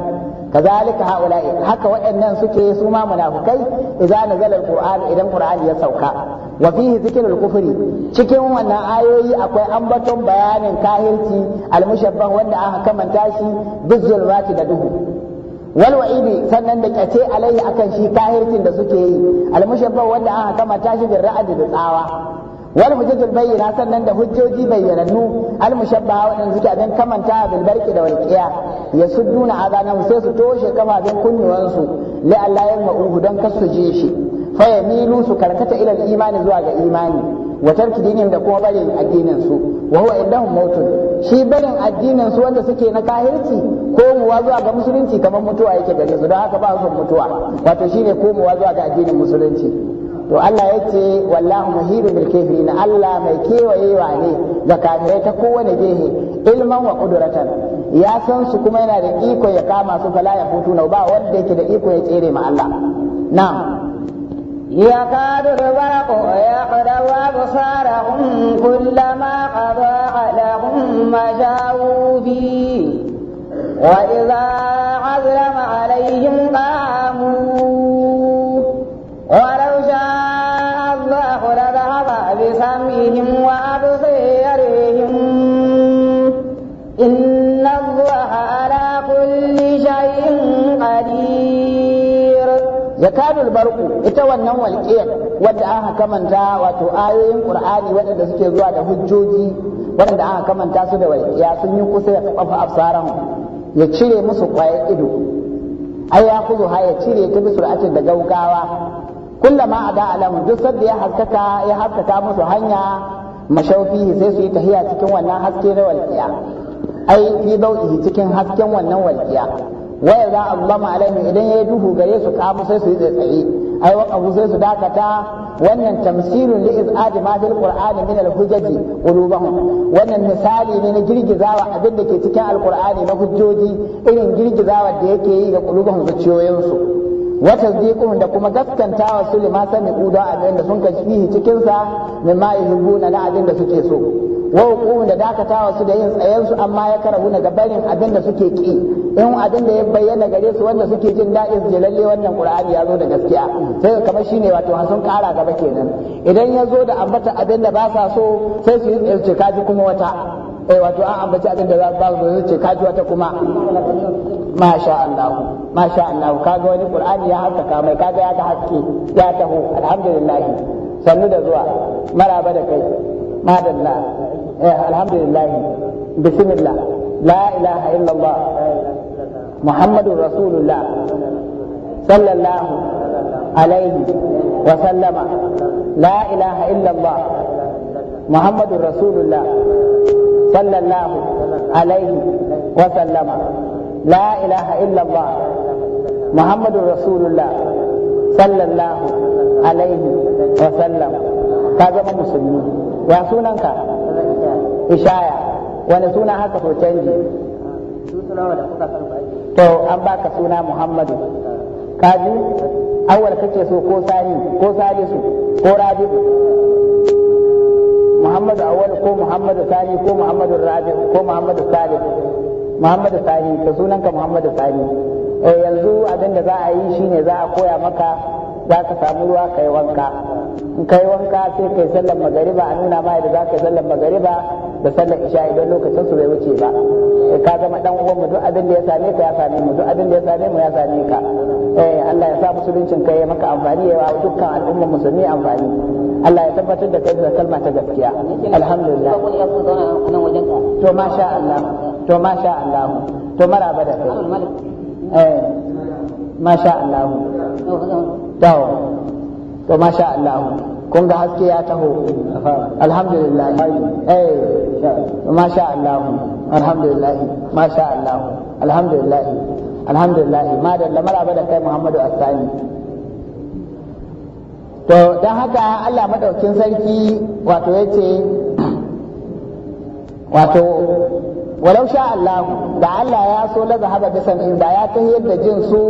kazalika haula'i haka waɗannan suke su ma munafikai Idan nazala alquran idan qur'ani ya sauka wa fihi kufuri, cikin wannan ayoyi akwai ambaton bayanin kahirci almushabbah wanda aka kamanta shi bizzulmati da duhu wal wa'idi sannan da kace alaihi akan shi kahircin da suke yi almushabbah wanda aka kamanta shi bil ra'd da tsawa wal hujjatul bayyina sannan da hujjoji bayyanannu al mushabbaha wadan suke abin kamanta bil barki da walqiya yasudduna azanahum sai su toshe kunnuwan kunnuwansu la alla yamauhu don dan je shi fa yamilu su karkata ila al imani zuwa ga imani wa tarki dinin da kuma barin addinin su wa huwa indahum mautun shi barin addinin su wanda suke na kahirci komowa zuwa ga musulunci kamar mutuwa yake gare su don haka ba su mutuwa wato shine komowa zuwa ga addinin musulunci to Allah ya ce wallahu muhibbu bil na Allah mai kewayewa ne ga kafirai ta kowane gehe ilman wa qudratan ya san su kuma yana da iko ya kama su fala ya futu na ba wanda yake da iko ya tsere ma Allah na'am يكاد البرق يقرب أبصارهم كلما قضى لهم مجاوا فيه وإذا أظلم عليهم قاموا سمعهم وأبصارهم إن الله على كل شيء قدير زكاة البرق ita wannan walƙiyar wadda aka kamanta wato ayoyin ƙur'ani waɗanda suke zuwa da hujjoji waɗanda aka kamanta su da walƙiya sun yi kusa ya taɓa absaran ya cire musu ƙwayar ido ai ya kuzo ha ya cire ta bi da gaugawa kullama ada alamu duk sadda ya haskaka ya haskaka musu hanya mashaufihi sai su yi tahiya cikin wannan haske na walƙiya ai fi dauki cikin hasken wannan walƙiya waya za a ma alaihim idan ya yi duhu gare su kamu sai su yi tsaye ai waqafu sai su dakata wannan tamsilun li izadi ma fil qur'ani min al hujaji qulubahum wannan misali ne na girgizawa abin da ke cikin al qur'ani na hujjoji irin girgizawa da yake yi ga qulubahum zuciyoyinsu wata zikun da kuma gaskantawa su lima sami uda abin da sun kashi cikin sa ne ma yuhibbuna na abin da suke so wa hukumin da dakatawa su da yin tsayen su amma ya karahu na gabarin abin da suke ki in abin da ya bayyana gare su wanda suke jin daɗin je lalle wannan qur'ani ya zo da gaskiya sai kamar shine wato sun kara gaba kenan idan ya zo da ambata abin da ba sa so sai su yi tsirce kuma wata eh wato an ambaci abin da za ba zo ce ka ji wata kuma masha Allah masha Allah kaga wani qur'ani ya haskaka mai kaga ya ta haske ya taho alhamdulillah sannu da zuwa maraba da kai madalla eh alhamdulillah bismillah la ilaha illallah muhammadur rasulullah sallallahu alaihi wa sallama la ilaha illallah muhammadur rasulullah صلى الله عليه وسلم لا إله إلا الله محمد رسول الله صلى الله عليه وسلم كذا مسلمين يا سننك wani suna haka ko canji to an baka suna muhammadu kaji awal kace so ko ko salisu ko rabi'u muhammadu awwal ko muhammadu sani ko muhammadu rabi ko muhammadu salih muhammadu sani ka sunanka muhammadu sani eh yanzu abin da za a yi shine za a koya maka za ka samu ruwa kai wanka in kai wanka sai kai sallar magariba a nuna ma da za ka sallar magariba da sallar isha idan lokacin su bai wuce ba eh, ka zama dan uwan mu duk abin da ya same ka ya same mu duk abin da ya same mu ya same ka eh Allah ya sa musuluncin kai maka amfani ya wa dukkan al'ummar musulmi amfani Allah ya tabbatar da kai da kalma ta gaskiya alhamdulillah to masha Allah to masha Allah to maraba da kai eh masha Allah to to masha Allah kun ga haske ya taho alhamdulillah eh masha Allah alhamdulillah masha Allah alhamdulillah alhamdulillah ma da lamar da kai Muhammadu Asani to dan haka Allah madaukin sarki wato yace wato walau sha Allah da Allah ya so la zahaba bisan da ya tahiyar da jin su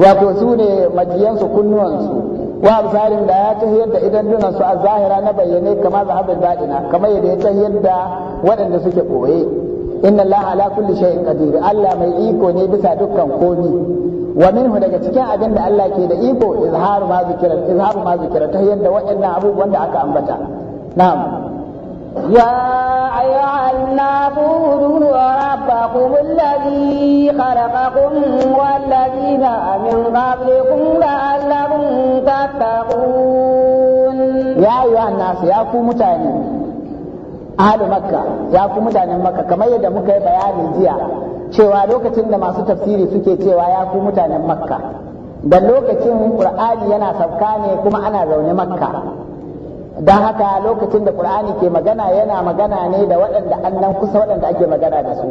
wato su ne majiyansu kunnuwansu wa absarin da ya tahiyar da idan dunan su a zahira na bayyane kama zahabin badina kamar yadda ya tahiyar da waɗanda suke ɓoye inna Allah ala kulli shay'in qadir Allah mai iko ne bisa dukkan komi wa minhu daga cikin abin da Allah ke da iko izharu ma zikira izharu ma zikira tahiyar da waɗannan abubuwan da aka ambata na'am يا أيها الناس اعبدوا ربكم الذي خلقكم والذين من قبلكم لعلكم تتقون يا أيها الناس يا متاني أهل مكة يا متاني مكة كما يدى مكة بيان الجيع cewa lokacin da masu tafsiri suke cewa ya ku mutanen makka da lokacin qur'ani yana sauka ne kuma ana zaune makka don haka lokacin da qur'ani ke magana yana magana ne da waɗanda annan kusa waɗanda ake magana da su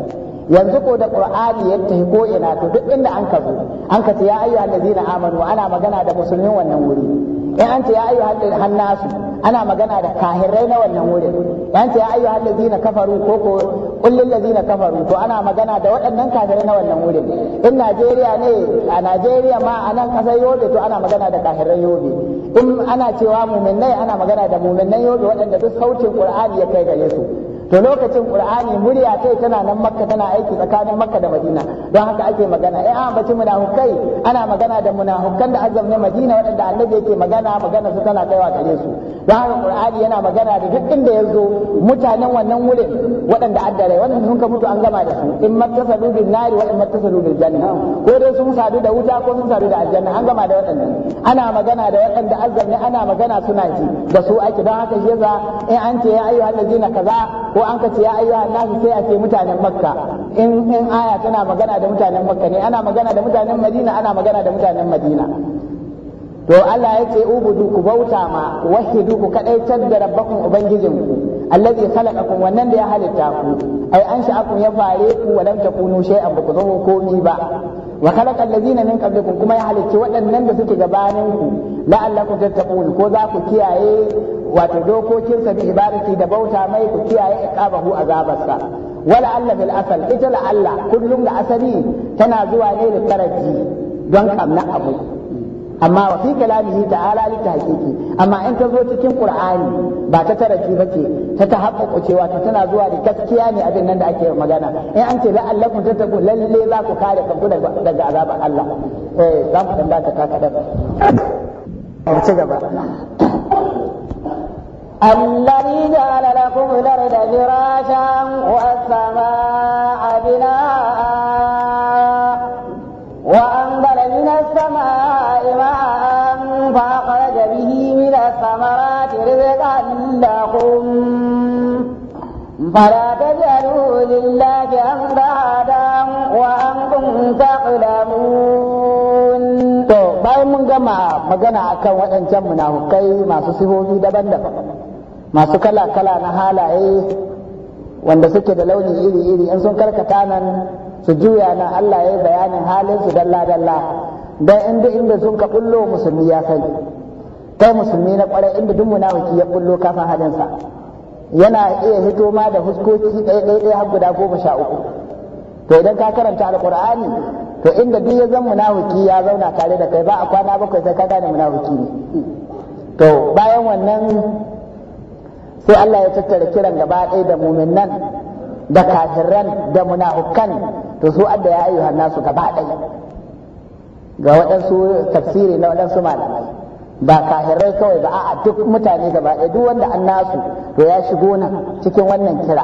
yanzu ko da qur'ani ya tafi ko ina to duk inda an ka zo an ka ce ya ayyuha allazina amanu ana magana da musulmin wannan wuri in an ce ya ayyuha hannasu ana magana da kahirai na wannan wurin in an ce ya ayyuha allazina kafaru ko ko kullul ladina kafaru to ana magana da waɗannan kafirai na wannan wurin in Najeriya ne a Najeriya ma a nan kasar Yobe to ana magana da kahirai Yobe in ana cewa muminai ana magana da muminai yau waɗanda duk sautin qur'ani ya kai gare su to lokacin qur'ani murya kai tana nan makka tana aiki tsakanin makka da madina don haka ake magana eh an bace munafukai ana magana da munafukan da azam na madina waɗanda annabi yake magana magana su tana kaiwa gare su don haka qur'ani yana magana da duk inda ya zo mutanen wannan wurin waɗanda addare wannan sun ka mutu an gama da su in matasalu bin nari wa in matasalu bil janna ko dai sun sadu da wuta ko sun sadu da aljanna an gama da wadannan ana magana da waɗanda azam ne ana magana suna ji da su ake don haka shi yasa in an ce ya ayyuhal ladina kaza ko an kace ya ayyuhan nasu sai a ce mutanen makka in in aya tana magana da mutanen makka ne ana magana da mutanen madina ana magana da mutanen madina to Allah ya ce ubudu ku bauta ma wahidu ku kadaitar da rabbakum ubangijinku allazi khalaqakum wannan da ya halitta ku ai an sha'akum ya fare ku wa lam takunu shay'an ba ku zama komi ba wa khalaqa allazina min qablikum kuma ya halicci waɗannan da suke gabanin ku la'allakum tattaqun ko za ku kiyaye wato dokokinsa bi ibadati da bauta mai ku kiyaye iqabahu azabarsa wala alla bil asal ita la alla kullum da asali tana zuwa ne da taraji don kamna abu amma wa fi kalamihi ta'ala li tahqiqi amma in ta zo cikin qur'ani ba ta taraji bace ta tahaqququ cewa to tana zuwa da gaskiya ne abin nan da ake magana in an ce la'allakum tattaqu lalle za ku kare kanku daga azabar Allah eh za mu dan ta kadan a ci gaba الذي جعل لكم الأرض فراشا والسماء بناء وأنزل من السماء ماء فأخرج به من الثمرات رزقا لكم فلا تجعلوا لله أندادا وأنتم تعلمون to bayan mun gama magana akan waɗancan munafukai masu sihohi daban-daban masu kala-kala na halaye wanda suke da launi iri-iri in sun karkata nan su juya na Allah ya yi bayanin halinsu su dalla-dalla don inda inda sun ka bullo musulmi ya sani kai musulmi na kwarai inda duk munafiki ya bullo kafin halinsa yana iya hito ma da huskoki ɗaya ɗaya ɗaya har guda goma sha uku to idan ka karanta alqur'ani to inda duk ya zan munafiki ya zauna tare da kai ba a kwana bakwai sai ka gane munafiki ne to bayan wannan sai Allah ya tattara kiran gaba ɗaya da muminan da kafiran da munafukan to su adda ya ayyuhan nasu gaba ɗaya ga waɗansu tafsiri na waɗansu malamai ba kafirai kawai ba a duk mutane gaba ɗaya duk wanda an nasu to ya shigo nan cikin wannan kira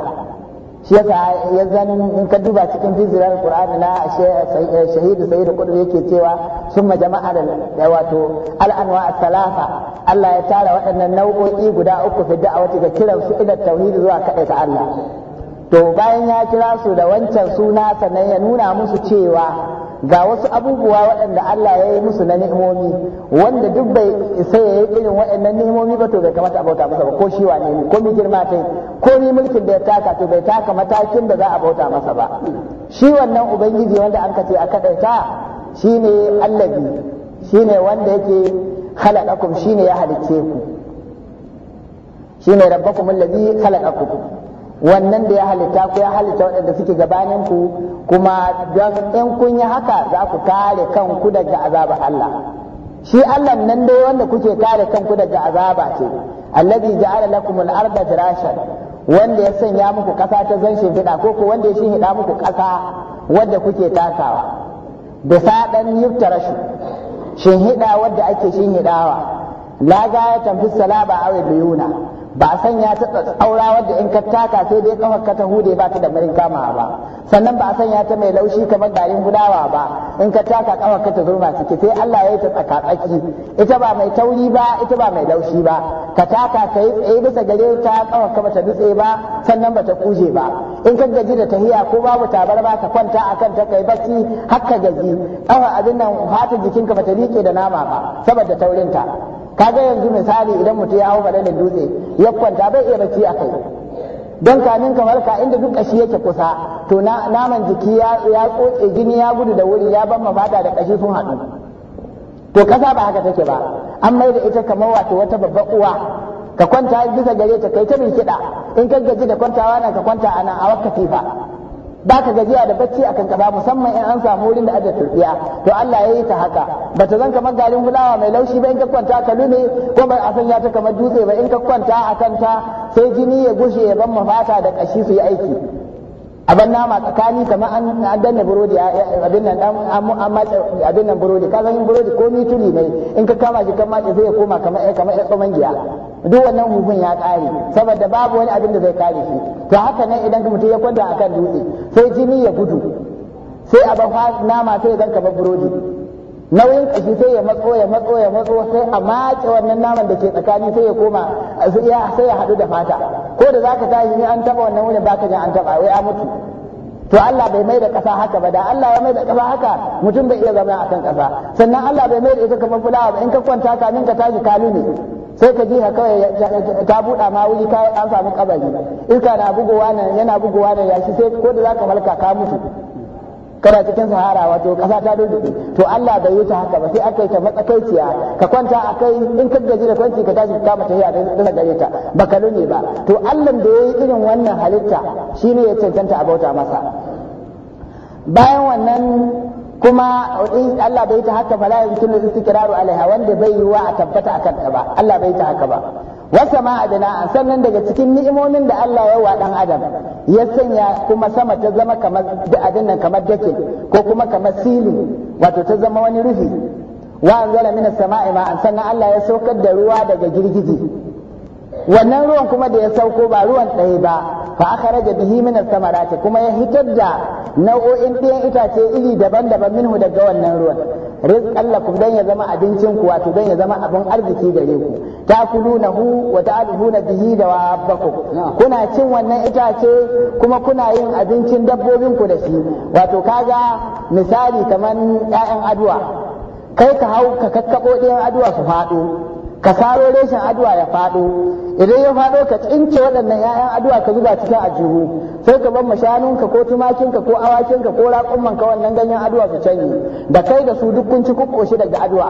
shi yasa ya zanen in ka duba cikin fizirar qur'ani na eh, shahidu sayyid qudri yake cewa summa jama'a da wato al'anwa as-salafa Allah ya tara waɗannan nau'o'i guda uku fi da'awati ga kiran su ila tauhid zuwa kaɗai ta Allah to bayan ya kira su da wancan suna sannan ya nuna musu cewa ga wasu abubuwa waɗanda Allah ya yi musu na ni'imomi wanda duk bai sai ya yi irin waɗannan ni'imomi ba to bai kamata a masa ba ko shi wane ne ko mi girma ta ko ni mulkin da ya taka to bai taka matakin da za a bauta masa ba shi wannan ubangiji wanda an kace a kadaita shine allazi shine wanda yake khalaqakum shine ya halicce ku shine rabbakum allazi khalaqakum wannan da ya halitta ku ya halitta waɗanda suke gabanin ku kuma don in kun yi haka za ku kare kanku daga azabar Allah shi Allah nan dai wanda kuke kare kanku daga azaba ce allazi ja'ala lakum al-arda firashan wanda ya sanya muku kasa ta zan shimfiɗa ko ko wanda ya shimfiɗa muku kasa wanda kuke takawa da sadan yuftarashu shinhiɗa wanda ake shinhiɗawa la ga ya tamfi salaba awi biyuna ba a sanya ta tsaura wadda in ka taka sai dai kafar ka ta hude ba ta da marin kamawa ba sannan ba a sanya ta mai laushi kamar garin gudawa ba in ka taka kafar ka ta zurna ciki sai Allah ya yi ta tsaka tsaki ita ba mai tauri ba ita ba mai laushi ba ka taka ka yi tsaye bisa gare ta kafar ka bata dutse ba sannan bata kuje ba in ka gaji da tahiya ko babu tabar ba ka kwanta akan ta kai bacci har gaji kafar abin nan fatar jikinka bata rike da nama ba saboda taurinta Ka ga yanzu misali idan mutum ya hau faɗa da dutse ya kwanta bai iya bacci a kai don kamin kamar ka inda duk kashi yake kusa to naman jiki ya tsotse gini ya gudu da wuri ya ban mafada da kashi sun haɗu to kasa ba haka take ba an mai da ita kamar wato wata babbar uwa ka kwanta bisa gare ta kai ta mai kiɗa in ka gaji da kwantawa na ka kwanta a nan a wakati fa ba ka gajiya da bacci a kan musamman in an samu wurin da ake turbiya to Allah ya yi ta haka ba ta zan kamar garin fulawa mai laushi ba in ka kwanta ka lume ko ba a sanya ta kamar dutse ba in ka kwanta a kanta sai jini ya gushe ya ban mafata da kashi su yi aiki abin nama tsakani kamar an danna burodi abin nan an matsa abin nan burodi ka yin burodi ko ni tuli ne in ka kama shi kan matsa zai koma kamar kamar ya tsoman giya duk wannan hukun ya kare saboda babu wani abin da zai kare shi to haka nan idan mutum ya kwanta akan dutse sai jini ya gudu sai a ban nama sai ya zanka burodi nauyin kashi sai ya matso ya matso ya matso sai a matse wannan naman da ke tsakani sai ya koma sai ya haɗu da fata ko da zaka tashi ne an taba wannan wurin baka jin an taba wai a mutu to Allah bai mai da ƙasa haka ba da Allah ya mai da ƙasa haka mutum bai iya zama a kan ƙasa sannan Allah bai mai da ita kamar fulawa ba in ka kwanta kamin ka tashi kalu ne sai ka ji kawai ta buɗa ma wuri ka an samu kabari iska na bugowa nan yana bugowa nan yashi sai ko da zaka malka ka mutu kana cikin sahara wato kasa ta dudduke to Allah bai yi ta haka ba sai aka yi ta matsakaiciya ka kwanta a kai in ka gaji da kwanci ka tashi ka kama tafiya da daga gare ta baka lune ba to Allah da yayi irin wannan halitta shine ya cancanta a bauta masa bayan wannan kuma Allah bai ta haka fala yumkinu istiqraru alaiha wanda bai yi wa a tabbata akan ta ba Allah bai ta haka ba wasa ma sannan daga cikin ni'imomin da Allah ya wa dan adam ya sanya kuma sama ta zama kamar da adin nan kamar dake ko kuma kamar sili wato ta zama wani rufi wa anzala as sama'i ma sannan Allah ya saukar da ruwa daga girgiji wannan ruwan kuma da ya sauko ba ruwan ɗaya ba fa akhraja bihi min as-samarati kuma ya hitar da nau'o'in ɗayan itace iri daban-daban minhu daga wannan ruwan rizqan lakum dan ya zama abincin ku wato dan ya zama abin arziki gare ku takulunahu wa ta'aluna bihi da rabbakum kuna cin wannan itace kuma kuna yin abincin dabbobin ku da shi wato kaga misali kaman ƴaƴan aduwa kai ka hau ka kakkabo ɗayan aduwa su faɗo ka saro reshen aduwa ya faɗo idan ya faɗo ka tsince waɗannan 'ya'yan aduwa ka zuba cikin ajihu sai ka bar mashanunka ko tumakinka ko awakinka ko raƙumman ka wannan ganyen aduwa su canye da kai da su duk kun ci kukkoshi daga aduwa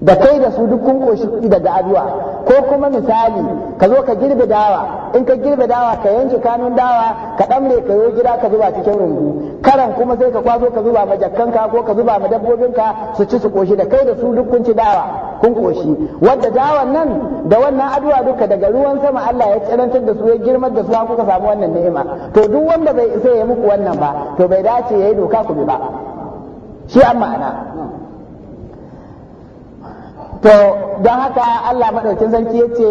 da kai da su duk koshi daga aduwa ko kuma misali ka zo ka girbe dawa in ka girbe dawa ka yanke kanun dawa ka ɗamre ka yo gida ka zuba cikin rungu karan kuma sai ka kwazo ka zuba ma jakkanka ko ka zuba ma dabbobinka su ci su koshi da kai da su duk kun ci dawa kun koshi wadda dawan nan da wannan addu'a duka daga ruwan sama Allah ya tsirantar da su ya girmar da su kuka samu wannan ni'ima to duk wanda bai isa ya muku wannan ba to bai dace yayi doka ku bi ba shi an ma'ana to don haka Allah madaukin sarki yace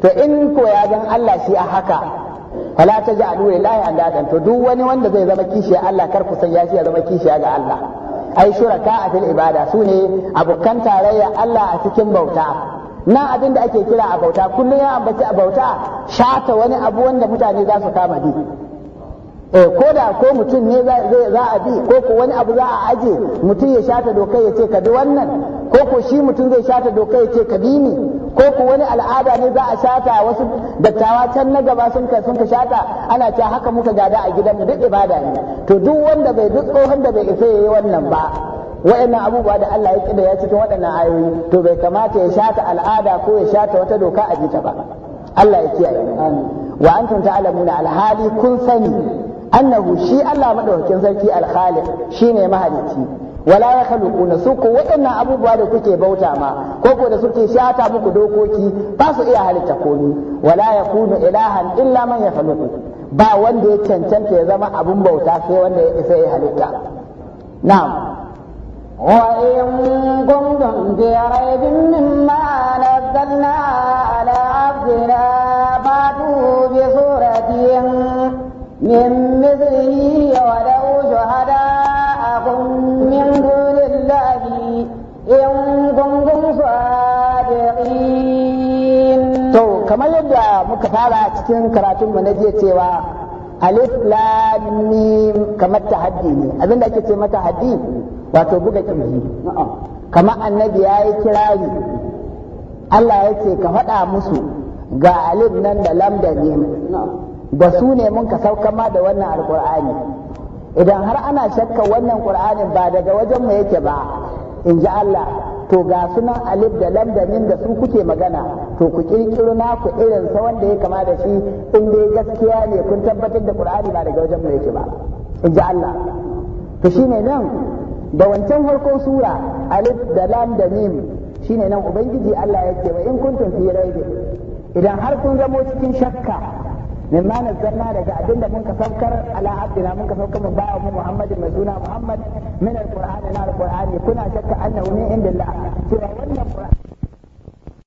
to in koya don Allah shi a haka fala ta ji a lillahi an dadan to duk wani wanda zai zama kishiya Allah kar ku sanya shi ya zama kishiya ga Allah ai shuraka a fil ibada su ne abokan tarayya Allah a cikin bauta na abin da ake kira a bauta kullum ya ambaci a bauta shata wani abu wanda mutane za su kama bi Eh, ko da ko mutum ne za a bi ko ko wani abu za a aje mutum ya shata doka ya ce ka wannan ko ko shi mutum zai shata doka ya ce ka bi ni ko ko wani al'ada ne za a shata wasu dattawa can na gaba sun ka sun ka shata ana cewa haka muka gada a gidanmu duk ibada ne to duk wanda bai duk tsohon da bai isa yayi wannan ba wa'annan abubuwa da Allah ya kida ya cikin waɗannan ayoyi to bai kamata ya shata al'ada ko ya shata wata doka a jita ba Allah ya kiyaye wa antum ta'lamuna alhali kun sani annahu shi Allah madaukakin sarki al-khaliq shine mahalicci wala ya khaluquna su ko waɗannan abubuwa da kuke bauta ma ko ko da suke shata muku dokoki ba su iya halitta ni. wala ya kunu ilahan illa man ya khaluqu ba wanda ya cancanta ya zama abun bauta sai wanda ya isa ya halitta na'am وإن كنتم في من مثله ولو شهداءكم من دون الله إن كنتم صادقين تو كما يبدأ مكفارة تكن كراتم منجيتي alif lam mim kamar tahaddi ne abin da ake ce mata haddi wato buga kirji kamar annabi ya yi kirari Allah ya ce ka faɗa musu ga alif nan da lam da da su ne mun ka saukan ma da wannan alkur'ani idan har ana shakka wannan qur'anin ba daga wajen mu yake ba in ji Allah to ga sunan alif da lam da min da su kuke magana to ku kirkiro naku irin sa wanda ya kama da shi in dai gaskiya ne kun tabbatar da qur'ani ba daga wajen mu yake ba in ji Allah to shine nan da wancan farkon sura alif da lam da mim shine nan ubangiji Allah yake wa in kuntum fi raibin idan har kun zamo cikin shakka mimma nazzalna daga abin da mun ka saukar ala'adina abdina mun ka saukar mu ba'a mu muhammadin mai suna muhammad min alqur'ani na alqur'ani kuna shakka annahu min indillah cewa wannan qur'ani